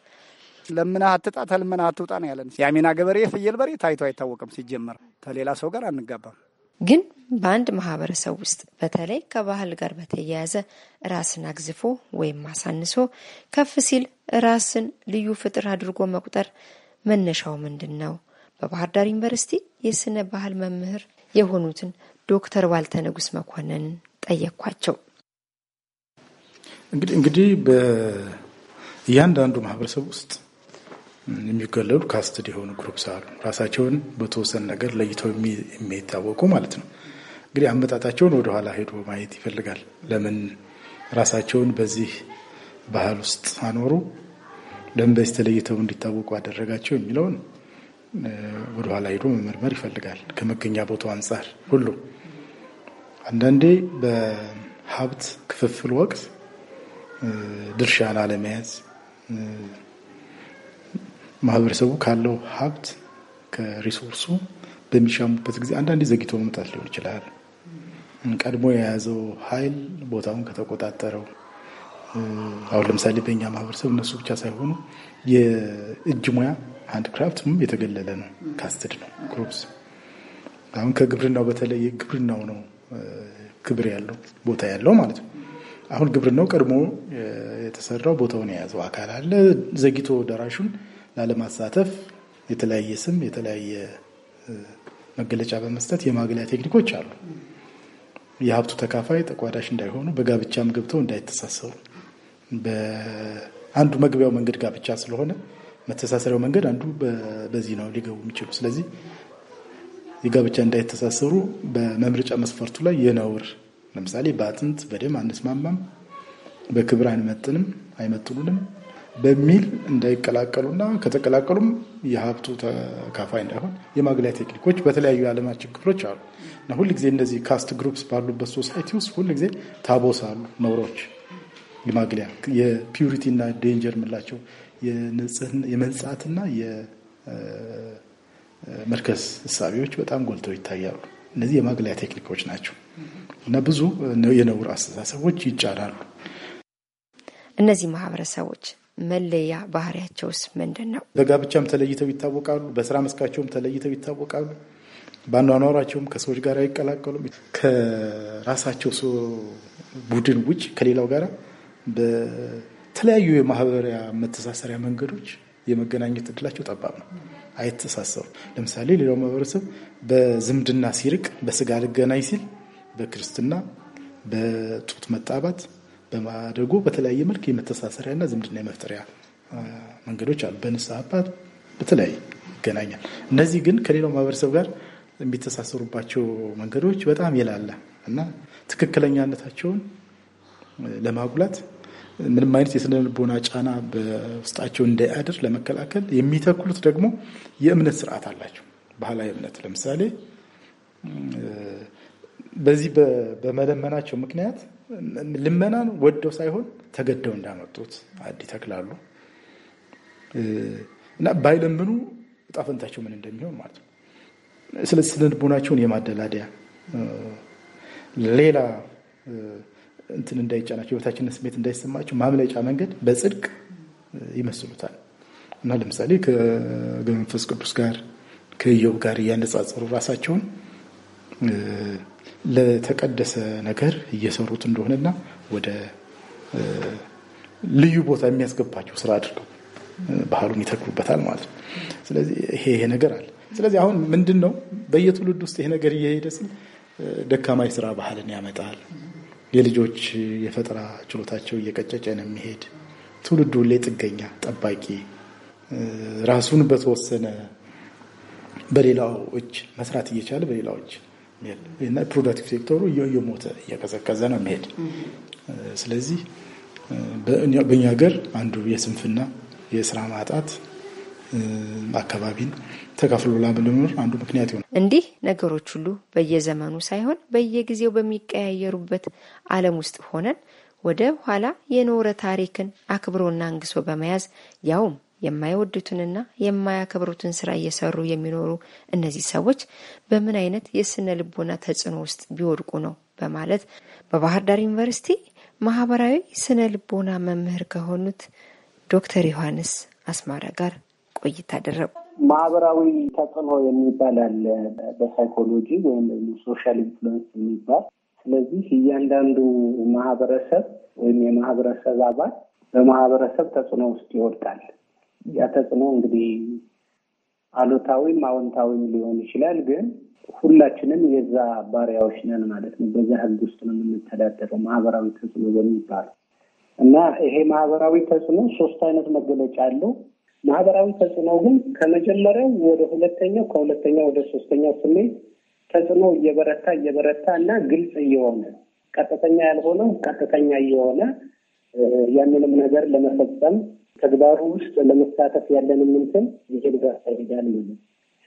ለምና አትጣ ተልምና አትውጣ ነው ያለን። የአሜና ገበሬ የፍየል በሬ ታይቶ አይታወቅም። ሲጀመር ከሌላ ሰው ጋር አንጋባም። ግን በአንድ ማህበረሰብ ውስጥ በተለይ ከባህል ጋር በተያያዘ ራስን አግዝፎ ወይም አሳንሶ ከፍ ሲል ራስን ልዩ ፍጥር አድርጎ መቁጠር መነሻው ምንድን ነው? በባህር ዳር ዩኒቨርሲቲ የስነ ባህል መምህር የሆኑትን ዶክተር ዋልተ ንጉስ መኮንን ጠየኳቸው። እንግዲህ እንግዲህ በእያንዳንዱ ማህበረሰብ ውስጥ የሚገለሉ ካስትድ የሆኑ ግሩፕስ አሉ። ራሳቸውን በተወሰነ ነገር ለይተው የሚታወቁ ማለት ነው። እንግዲህ አመጣጣቸውን ወደኋላ ሄዶ ማየት ይፈልጋል። ለምን ራሳቸውን በዚህ ባህል ውስጥ አኖሩ? ለምን በዚህ ተለይተው እንዲታወቁ አደረጋቸው? የሚለውን ወደኋላ ሄዶ መመርመር ይፈልጋል። ከመገኛ ቦታው አንጻር ሁሉ አንዳንዴ በሀብት ክፍፍል ወቅት ድርሻን አለመያዝ ማህበረሰቡ ካለው ሀብት ከሪሶርሱ በሚሻሙበት ጊዜ አንዳንዴ ዘግቶ መምጣት ሊሆን ይችላል። ቀድሞ የያዘው ኃይል ቦታውን ከተቆጣጠረው አሁን ለምሳሌ በእኛ ማህበረሰብ እነሱ ብቻ ሳይሆኑ የእጅ ሙያ ሃንድ ክራፍትም የተገለለ ነው፣ ካስትድ ነው። ክሮፕስ አሁን ከግብርናው በተለይ ግብርናው ነው ክብር ያለው ቦታ ያለው ማለት ነው። አሁን ግብርናው ቀድሞ የተሰራው ቦታውን የያዘው አካል አለ። ዘግይቶ ደራሹን ላለማሳተፍ የተለያየ ስም የተለያየ መገለጫ በመስጠት የማግለያ ቴክኒኮች አሉ። የሀብቱ ተካፋይ ተቋዳሽ እንዳይሆኑ፣ በጋብቻም ገብተው እንዳይተሳሰሩ በአንዱ መግቢያው መንገድ ጋብቻ ስለሆነ መተሳሰሪያው መንገድ አንዱ በዚህ ነው ሊገቡ የሚችሉ። ስለዚህ የጋብቻ እንዳይተሳሰሩ በመምረጫ መስፈርቱ ላይ የነውር ለምሳሌ በአጥንት በደም አንስማማም፣ በክብር አንመጥንም አይመጥኑንም በሚል እንዳይቀላቀሉና ከተቀላቀሉም የሀብቱ ተካፋይ እንዳይሆን የማግለያ ቴክኒኮች በተለያዩ የዓለማችን ክፍሎች አሉ እና ሁልጊዜ እንደዚህ ካስት ግሩፕስ ባሉበት ሶሳይቲ ውስጥ ሁልጊዜ ታቦስ አሉ ኖሮች የማግለያ የፒዩሪቲ እና ዴንጀር የምላቸው የመንጻትና የመርከስ እሳቢዎች በጣም ጎልተው ይታያሉ። እነዚህ የማግለያ ቴክኒኮች ናቸው እና ብዙ የነውር አስተሳሰቦች ይጫናሉ። እነዚህ ማህበረሰቦች መለያ ባህሪያቸውስ ምንድን ነው? በጋብቻም ተለይተው ይታወቃሉ። በስራ መስካቸውም ተለይተው ይታወቃሉ። በአኗኗራቸውም ከሰዎች ጋር አይቀላቀሉም። ከራሳቸው ቡድን ውጭ ከሌላው ጋር በተለያዩ የማህበሪያ መተሳሰሪያ መንገዶች የመገናኘት እድላቸው ጠባብ ነው። አይተሳሰሩ። ለምሳሌ ሌላው ማህበረሰብ በዝምድና ሲርቅ፣ በስጋ ልገናኝ ሲል በክርስትና በጡት መጣባት በማደጎ በተለያየ መልክ የመተሳሰሪያና ዝምድና የመፍጠሪያ መንገዶች አሉ። በንስሐ አባት በተለያየ ይገናኛል። እነዚህ ግን ከሌላው ማህበረሰብ ጋር የሚተሳሰሩባቸው መንገዶች በጣም የላለ እና ትክክለኛነታቸውን ለማጉላት ምንም አይነት የስነልቦና ጫና በውስጣቸው እንዳያድር ለመከላከል የሚተክሉት ደግሞ የእምነት ስርዓት አላቸው። ባህላዊ እምነት ለምሳሌ በዚህ በመለመናቸው ምክንያት ልመናን ወደው ሳይሆን ተገደው እንዳመጡት አዲ ተክላሉ እና ባይለምኑ እጣ ፈንታቸው ምን እንደሚሆን ማለት ነው። ስለዚህ ስነ የማደላደያ ሌላ እንትን እንዳይጫናቸው ህይወታችንን ስሜት እንዳይሰማቸው ማምለጫ መንገድ በጽድቅ ይመስሉታል እና ለምሳሌ ከመንፈስ ቅዱስ ጋር ከኢዮብ ጋር እያነጻጸሩ ራሳቸውን ለተቀደሰ ነገር እየሰሩት እንደሆነና ወደ ልዩ ቦታ የሚያስገባቸው ስራ አድርገው ባህሉን ይተክሉበታል ማለት ነው። ስለዚህ ይሄ ይሄ ነገር አለ። ስለዚህ አሁን ምንድን ነው በየትውልድ ውስጥ ይሄ ነገር እየሄደ ሲል ደካማ የስራ ባህልን ያመጣል። የልጆች የፈጠራ ችሎታቸው እየቀጨጨ ነው የሚሄድ። ትውልዱ ሁሌ ጥገኛ፣ ጠባቂ ራሱን በተወሰነ በሌላው እጅ መስራት እየቻለ በሌላው እጅ እና ፕሮዳክቲቭ ሴክተሩ እየሞተ እየቀዘቀዘ ነው መሄድ። ስለዚህ በእኛ ሀገር አንዱ የስንፍና የስራ ማጣት አካባቢን ተካፍሎ ላለመኖር አንዱ ምክንያት ይሆናል። እንዲህ ነገሮች ሁሉ በየዘመኑ ሳይሆን በየጊዜው በሚቀያየሩበት ዓለም ውስጥ ሆነን ወደ ኋላ የኖረ ታሪክን አክብሮና አንግሶ በመያዝ ያውም የማይወዱትንና የማያከብሩትን ስራ እየሰሩ የሚኖሩ እነዚህ ሰዎች በምን አይነት የስነ ልቦና ተጽዕኖ ውስጥ ቢወድቁ ነው በማለት በባህር ዳር ዩኒቨርሲቲ ማህበራዊ ስነ ልቦና መምህር ከሆኑት ዶክተር ዮሐንስ አስማረ ጋር ቆይታ አደረጉ። ማህበራዊ ተጽዕኖ የሚባል አለ በሳይኮሎጂ ወይም ሶሻል ኢንፍሉዌንስ የሚባል ስለዚህ እያንዳንዱ ማህበረሰብ ወይም የማህበረሰብ አባል በማህበረሰብ ተጽዕኖ ውስጥ ይወድቃል። ያ ተጽዕኖ እንግዲህ አሉታዊም አዎንታዊም ሊሆን ይችላል። ግን ሁላችንም የዛ ባሪያዎች ነን ማለት ነው። በዛ ህግ ውስጥ ነው የምንተዳደረው ማህበራዊ ተጽዕኖ በሚባል እና ይሄ ማህበራዊ ተጽዕኖ ሶስት አይነት መገለጫ አለው። ማህበራዊ ተጽዕኖ ግን ከመጀመሪያው ወደ ሁለተኛው ከሁለተኛው ወደ ሶስተኛው ስሜት ተጽዕኖ እየበረታ እየበረታ እና ግልጽ እየሆነ ቀጥተኛ ያልሆነው ቀጥተኛ እየሆነ ያንንም ነገር ለመፈጸም ተግባሩ ውስጥ ለመሳተፍ ያለን ምንትን ጊዜ ጋር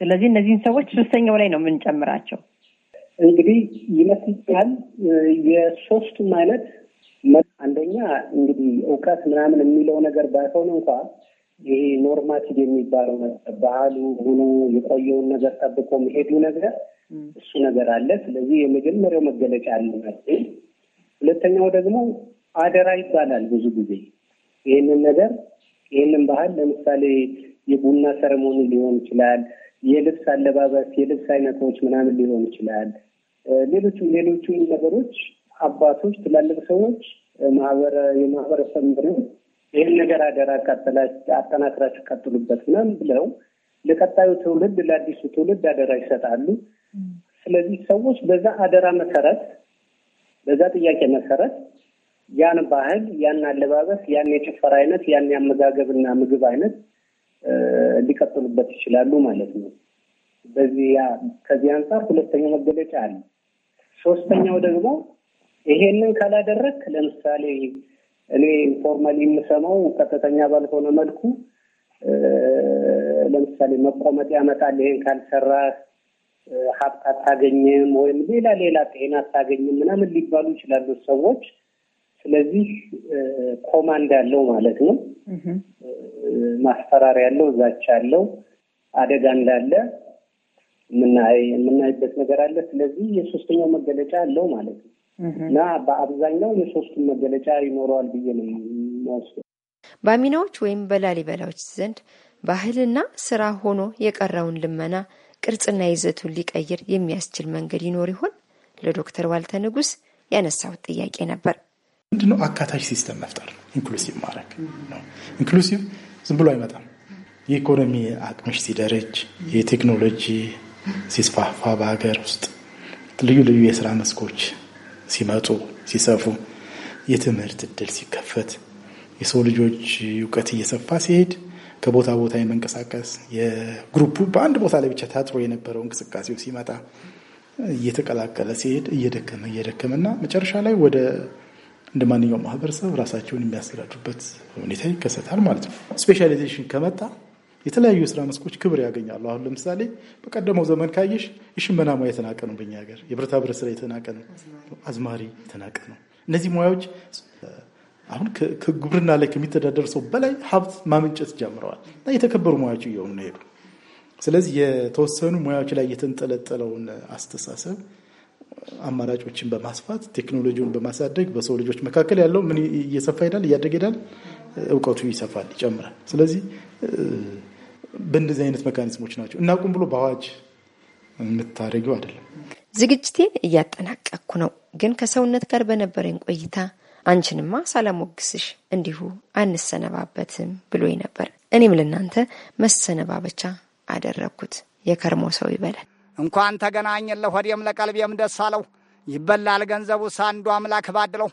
ስለዚህ እነዚህን ሰዎች ሶስተኛው ላይ ነው የምንጨምራቸው። እንግዲህ ይመስልኛል የሶስቱም አይነት አንደኛ እንግዲህ እውቀት ምናምን የሚለው ነገር ባይሆን እንኳ ይሄ ኖርማቲቭ የሚባለው ነገር ባህሉ ሁኑ የቆየውን ነገር ጠብቆ መሄዱ ነገር እሱ ነገር አለ። ስለዚህ የመጀመሪያው መገለጫ አለ። ሁለተኛው ደግሞ አደራ ይባላል ብዙ ጊዜ ይህንን ነገር ይህንን ባህል ለምሳሌ የቡና ሰረሞኒ ሊሆን ይችላል። የልብስ አለባበስ፣ የልብስ አይነቶች ምናምን ሊሆን ይችላል። ሌሎቹም ሌሎቹም ነገሮች አባቶች፣ ትላልቅ ሰዎች፣ የማህበረሰብ መሪዎች ይህን ነገር አደራ አጠናክራችሁ ቀጥሉበት ምናምን ብለው ለቀጣዩ ትውልድ ለአዲሱ ትውልድ አደራ ይሰጣሉ። ስለዚህ ሰዎች በዛ አደራ መሰረት በዛ ጥያቄ መሰረት ያን ባህል፣ ያን አለባበስ፣ ያን የጭፈራ አይነት፣ ያን የአመጋገብና ምግብ አይነት ሊቀጥሉበት ይችላሉ ማለት ነው። በዚህ ከዚህ አንጻር ሁለተኛው መገለጫ አለ። ሶስተኛው ደግሞ ይሄንን ካላደረግ ለምሳሌ እኔ ኢንፎርማል የምሰማው ቀጥተኛ ባልሆነ መልኩ ለምሳሌ መቆመጥ ያመጣል፣ ይሄን ካልሰራ ሀብት አታገኝም፣ ወይም ሌላ ሌላ ጤና አታገኝም ምናምን ሊባሉ ይችላሉ ሰዎች ስለዚህ ኮማንድ አለው ማለት ነው። ማስፈራሪያ ያለው፣ ዛቻ አለው፣ አደጋ እንዳለ የምናይበት ነገር አለ። ስለዚህ የሶስተኛው መገለጫ አለው ማለት ነው እና በአብዛኛው የሶስቱን መገለጫ ይኖረዋል ብዬ ነው የምወስደው። በአሚናዎች ወይም በላሊበላዎች ዘንድ ባህልና ስራ ሆኖ የቀረውን ልመና ቅርጽና ይዘቱን ሊቀይር የሚያስችል መንገድ ይኖር ይሆን? ለዶክተር ዋልተ ንጉስ ያነሳሁት ጥያቄ ነበር። ምንድነው አካታች ሲስተም መፍጠር ኢንክሉሲቭ ማድረግ ነው። ኢንክሉሲቭ ዝም ብሎ አይመጣም። የኢኮኖሚ አቅምሽ ሲደረጅ፣ የቴክኖሎጂ ሲስፋፋ፣ በሀገር ውስጥ ልዩ ልዩ የስራ መስኮች ሲመጡ ሲሰፉ፣ የትምህርት እድል ሲከፈት፣ የሰው ልጆች እውቀት እየሰፋ ሲሄድ ከቦታ ቦታ የመንቀሳቀስ የግሩፑ በአንድ ቦታ ላይ ብቻ ታጥሮ የነበረው እንቅስቃሴው ሲመጣ እየተቀላቀለ ሲሄድ እየደከመ እየደከመ እና መጨረሻ ላይ ወደ እንደ ማንኛውም ማህበረሰብ ራሳቸውን የሚያስተዳድሩበት ሁኔታ ይከሰታል ማለት ነው። ስፔሻሊዜሽን ከመጣ የተለያዩ የስራ መስኮች ክብር ያገኛሉ። አሁን ለምሳሌ በቀደመው ዘመን ካየሽ የሽመና ሙያ የተናቀ ነው፣ በኛ ሀገር የብረታ ብረት ስራ የተናቀ ነው፣ አዝማሪ የተናቀ ነው። እነዚህ ሙያዎች አሁን ከግብርና ላይ ከሚተዳደር ሰው በላይ ሀብት ማመንጨት ጀምረዋል እና የተከበሩ ሙያዎች እየሆኑ ነው ሄዱ። ስለዚህ የተወሰኑ ሙያዎች ላይ የተንጠለጠለውን አስተሳሰብ አማራጮችን በማስፋት ቴክኖሎጂውን በማሳደግ በሰው ልጆች መካከል ያለው ምን እየሰፋ ሄዳል፣ እያደገ ሄዳል፣ እውቀቱ ይሰፋል፣ ይጨምራል። ስለዚህ በእንደዚህ አይነት ሜካኒዝሞች ናቸው እናቁም ብሎ በአዋጅ የምታደርገው አይደለም። ዝግጅቴን እያጠናቀቅኩ ነው፣ ግን ከሰውነት ጋር በነበረኝ ቆይታ አንቺንማ ሳላሞግስሽ እንዲሁ አንሰነባበትም ብሎኝ ነበር። እኔም ለእናንተ መሰነባበቻ አደረግኩት። የከርሞ ሰው ይበላል። እንኳን ተገናኘን ለሆዴም ለቀልቤም ደስ አለው። ይበላል ገንዘቡ ሳንዱ አምላክ ባድለው።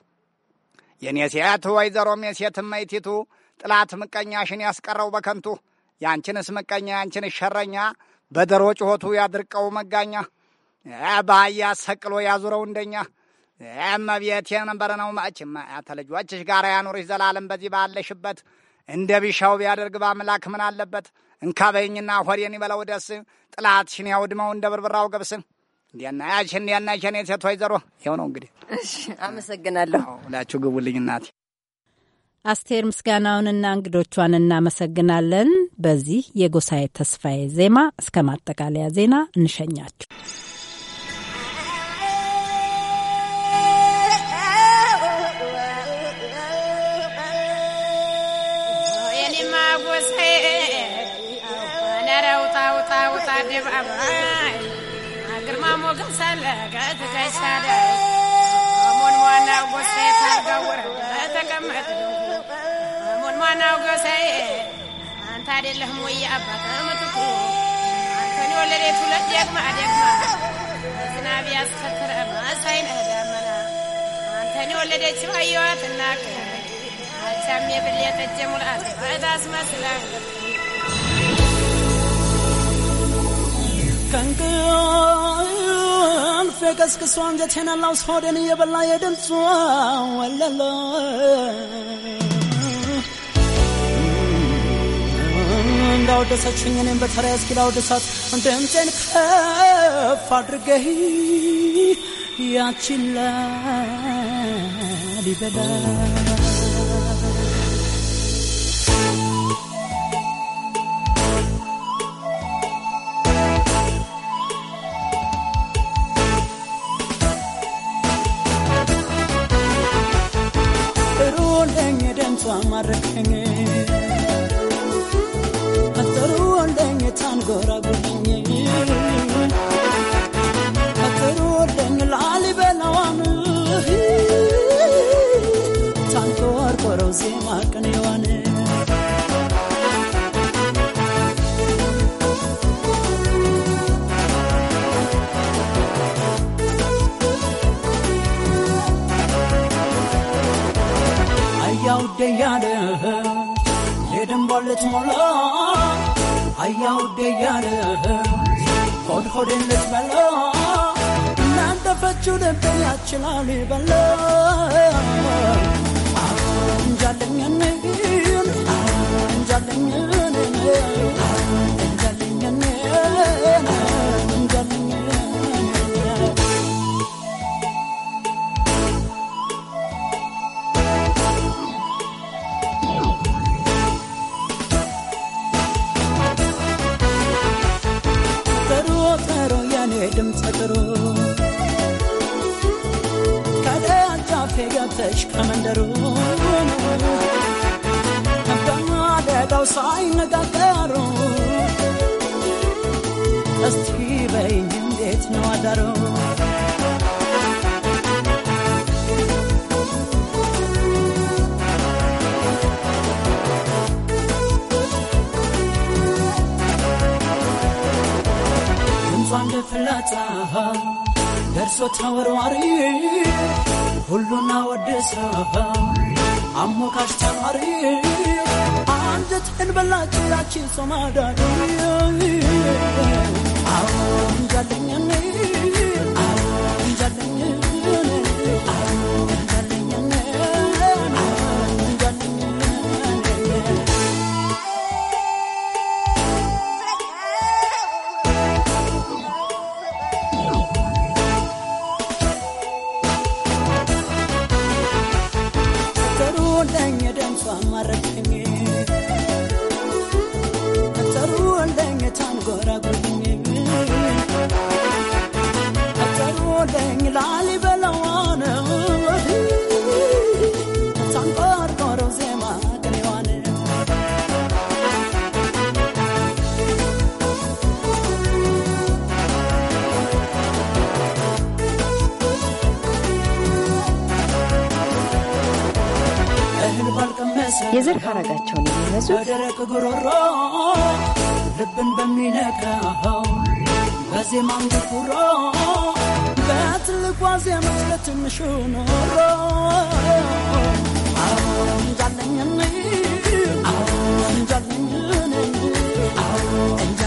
የእኔ ሴት ወይዘሮም የሴት መይቲቱ ጥላት ምቀኛሽን ያስቀረው በከንቱ ያንቺንስ ምቀኛ ያንቺን ሸረኛ በደሮ ጩኸቱ ያድርቀው መጋኛ ባህያ ሰቅሎ ያዙረው እንደኛ እመቤቴ የነበረ ነው መችም ተልጆችሽ ጋር ያኑርሽ ዘላለም በዚህ ባለሽበት እንደ ቢሻው ቢያደርግ በአምላክ ምን አለበት? እንካበይኝና ሆዴን ይበለው ደስ ጥላትሽን ያውድመው እንደ ብርብራው ገብስ እንዲያና ያሽን እንዲያና ሸኔ ሴት ወይዘሮ ይኸው ነው እንግዲህ። እሺ አመሰግናለሁ ሁላችሁ ግቡልኝ እናቴ። አስቴር ምስጋናውንና እንግዶቿን እናመሰግናለን። በዚህ የጎሳዬ ተስፋዬ ዜማ እስከ ማጠቃለያ ዜና እንሸኛችሁ። ውጣ ድብ ግርማ ሞገስ ለገት ቀይሳደ ሞንሟና ጎሴ ታልጋወረ ተቀመጥ ሞንሟና ጎሴ አንተ አይደለህም ወይ አባተ ምትኩ አንተን ወለዴት ሁለት ደግማ ደግማ ዝናብ ያስከትረ ማሳይ ነህ አንተን ወለደች ባየዋት እናቅ አቻም የብልየጠጀ ሙላት ታስመስላል ከእንቅልፍ የቀስቅሶ አንጀቴን አላውስ ሆዴን እየበላ እንዳወደሰችኝ እኔም እስኪ ላወደሳት ድምፄን ከፍ አድርገህ ሊበላ አንቱ አማረከኝ አጠሩ ወልደኝ ታንጎራጉኝ አጠሩ ወልደኝ ላሊበላዋን ታንኮ ዜማ ቅኔዋን አያውደ ያለ የደንቧለት ሞላ አያውደ ያለ ሆድ ሆድን ልትበላ እናንተ ፈቹ ልብ ያችላል ይበላ እንጃለኝን እንጃለኝን ተፈጥሮ ታዲያ ገብተሽ ከመንደሩ አደጋው ሳይነጋገሩ እስቲ በይ እንዴት ነው አዳሩ? ድምጿ እንደ ፍላጻ ደርሶ ተወርዋሪ ሁሉና ወደሳ አሞካሽ ተማሪ አንጀት እንበላጭ ያቺን ሶማዳ አሁን እንጃለኝ በደረቅ ጉሮሮ ልብን በሚነካው በዜማም ድኩሮ በትልቋ ዜማ ለትንሹ ኖሮ እንጃለኝ እንጃለኝ እንጃ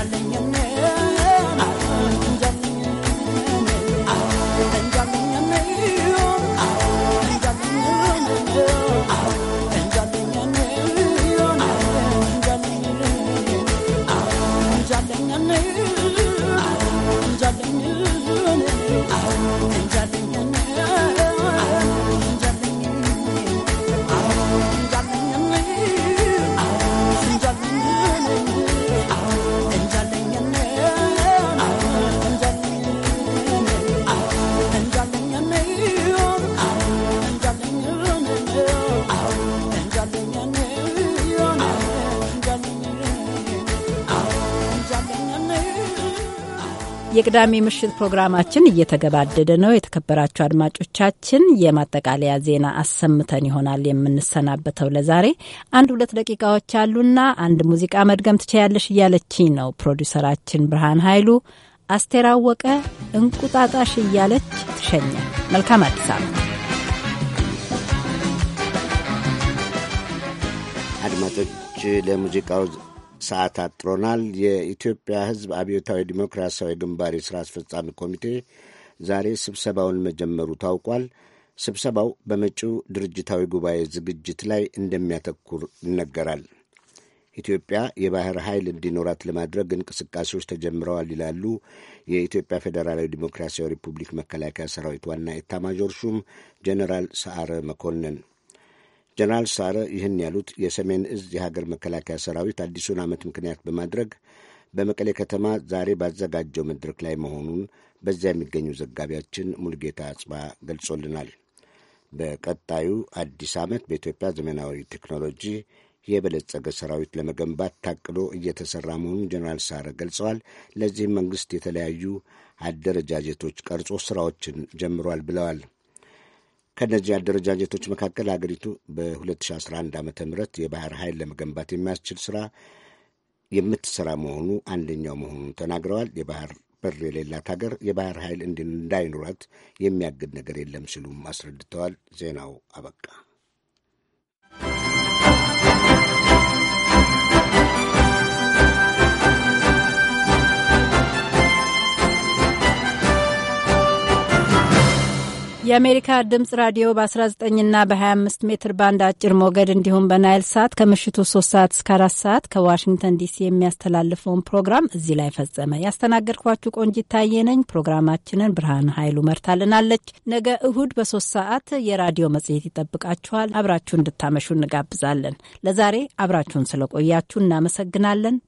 የቅዳሜ ምሽት ፕሮግራማችን እየተገባደደ ነው። የተከበራችሁ አድማጮቻችን የማጠቃለያ ዜና አሰምተን ይሆናል የምንሰናበተው። ለዛሬ አንድ ሁለት ደቂቃዎች አሉና አንድ ሙዚቃ መድገም ትችያለሽ እያለችኝ ነው ፕሮዲውሰራችን ብርሃን ኃይሉ። አስቴር አወቀ እንቁጣጣሽ እያለች ትሸኛል። መልካም አዲስ ዓመት አድማጮች። ለሙዚቃው ሰዓት አጥሮናል። የኢትዮጵያ ሕዝብ አብዮታዊ ዲሞክራሲያዊ ግንባር የሥራ አስፈጻሚ ኮሚቴ ዛሬ ስብሰባውን መጀመሩ ታውቋል። ስብሰባው በመጪው ድርጅታዊ ጉባኤ ዝግጅት ላይ እንደሚያተኩር ይነገራል። ኢትዮጵያ የባህር ኃይል እንዲኖራት ለማድረግ እንቅስቃሴዎች ተጀምረዋል ይላሉ የኢትዮጵያ ፌዴራላዊ ዲሞክራሲያዊ ሪፑብሊክ መከላከያ ሰራዊት ዋና ኤታማዦር ሹም ጀነራል ሰዓረ መኮንን። ጀነራል ሳረ ይህን ያሉት የሰሜን እዝ የሀገር መከላከያ ሰራዊት አዲሱን ዓመት ምክንያት በማድረግ በመቀሌ ከተማ ዛሬ ባዘጋጀው መድረክ ላይ መሆኑን በዚያ የሚገኙ ዘጋቢያችን ሙልጌታ አጽባ ገልጾልናል። በቀጣዩ አዲስ ዓመት በኢትዮጵያ ዘመናዊ ቴክኖሎጂ የበለጸገ ሰራዊት ለመገንባት ታቅዶ እየተሰራ መሆኑን ጀነራል ሳረ ገልጸዋል። ለዚህም መንግስት የተለያዩ አደረጃጀቶች ቀርጾ ስራዎችን ጀምሯል ብለዋል። ከእነዚህ አደረጃጀቶች መካከል አገሪቱ በ2011 ዓ ም የባህር ኃይል ለመገንባት የሚያስችል ስራ የምትሰራ መሆኑ አንደኛው መሆኑን ተናግረዋል። የባህር በር የሌላት ሀገር የባህር ኃይል እንዳይኖራት የሚያግድ ነገር የለም ሲሉም አስረድተዋል። ዜናው አበቃ። የአሜሪካ ድምጽ ራዲዮ በ19ና በ25 ሜትር ባንድ አጭር ሞገድ እንዲሁም በናይል ሳት ከምሽቱ 3 ሰዓት እስከ 4 ሰዓት ከዋሽንግተን ዲሲ የሚያስተላልፈውን ፕሮግራም እዚህ ላይ ፈጸመ። ያስተናገድኳችሁ ቆንጂት ታዬ ነኝ። ፕሮግራማችንን ብርሃን ኃይሉ መርታልናለች። ነገ እሁድ በ3 ሰዓት የራዲዮ መጽሔት ይጠብቃችኋል። አብራችሁ እንድታመሹ እንጋብዛለን። ለዛሬ አብራችሁን ስለቆያችሁ እናመሰግናለን።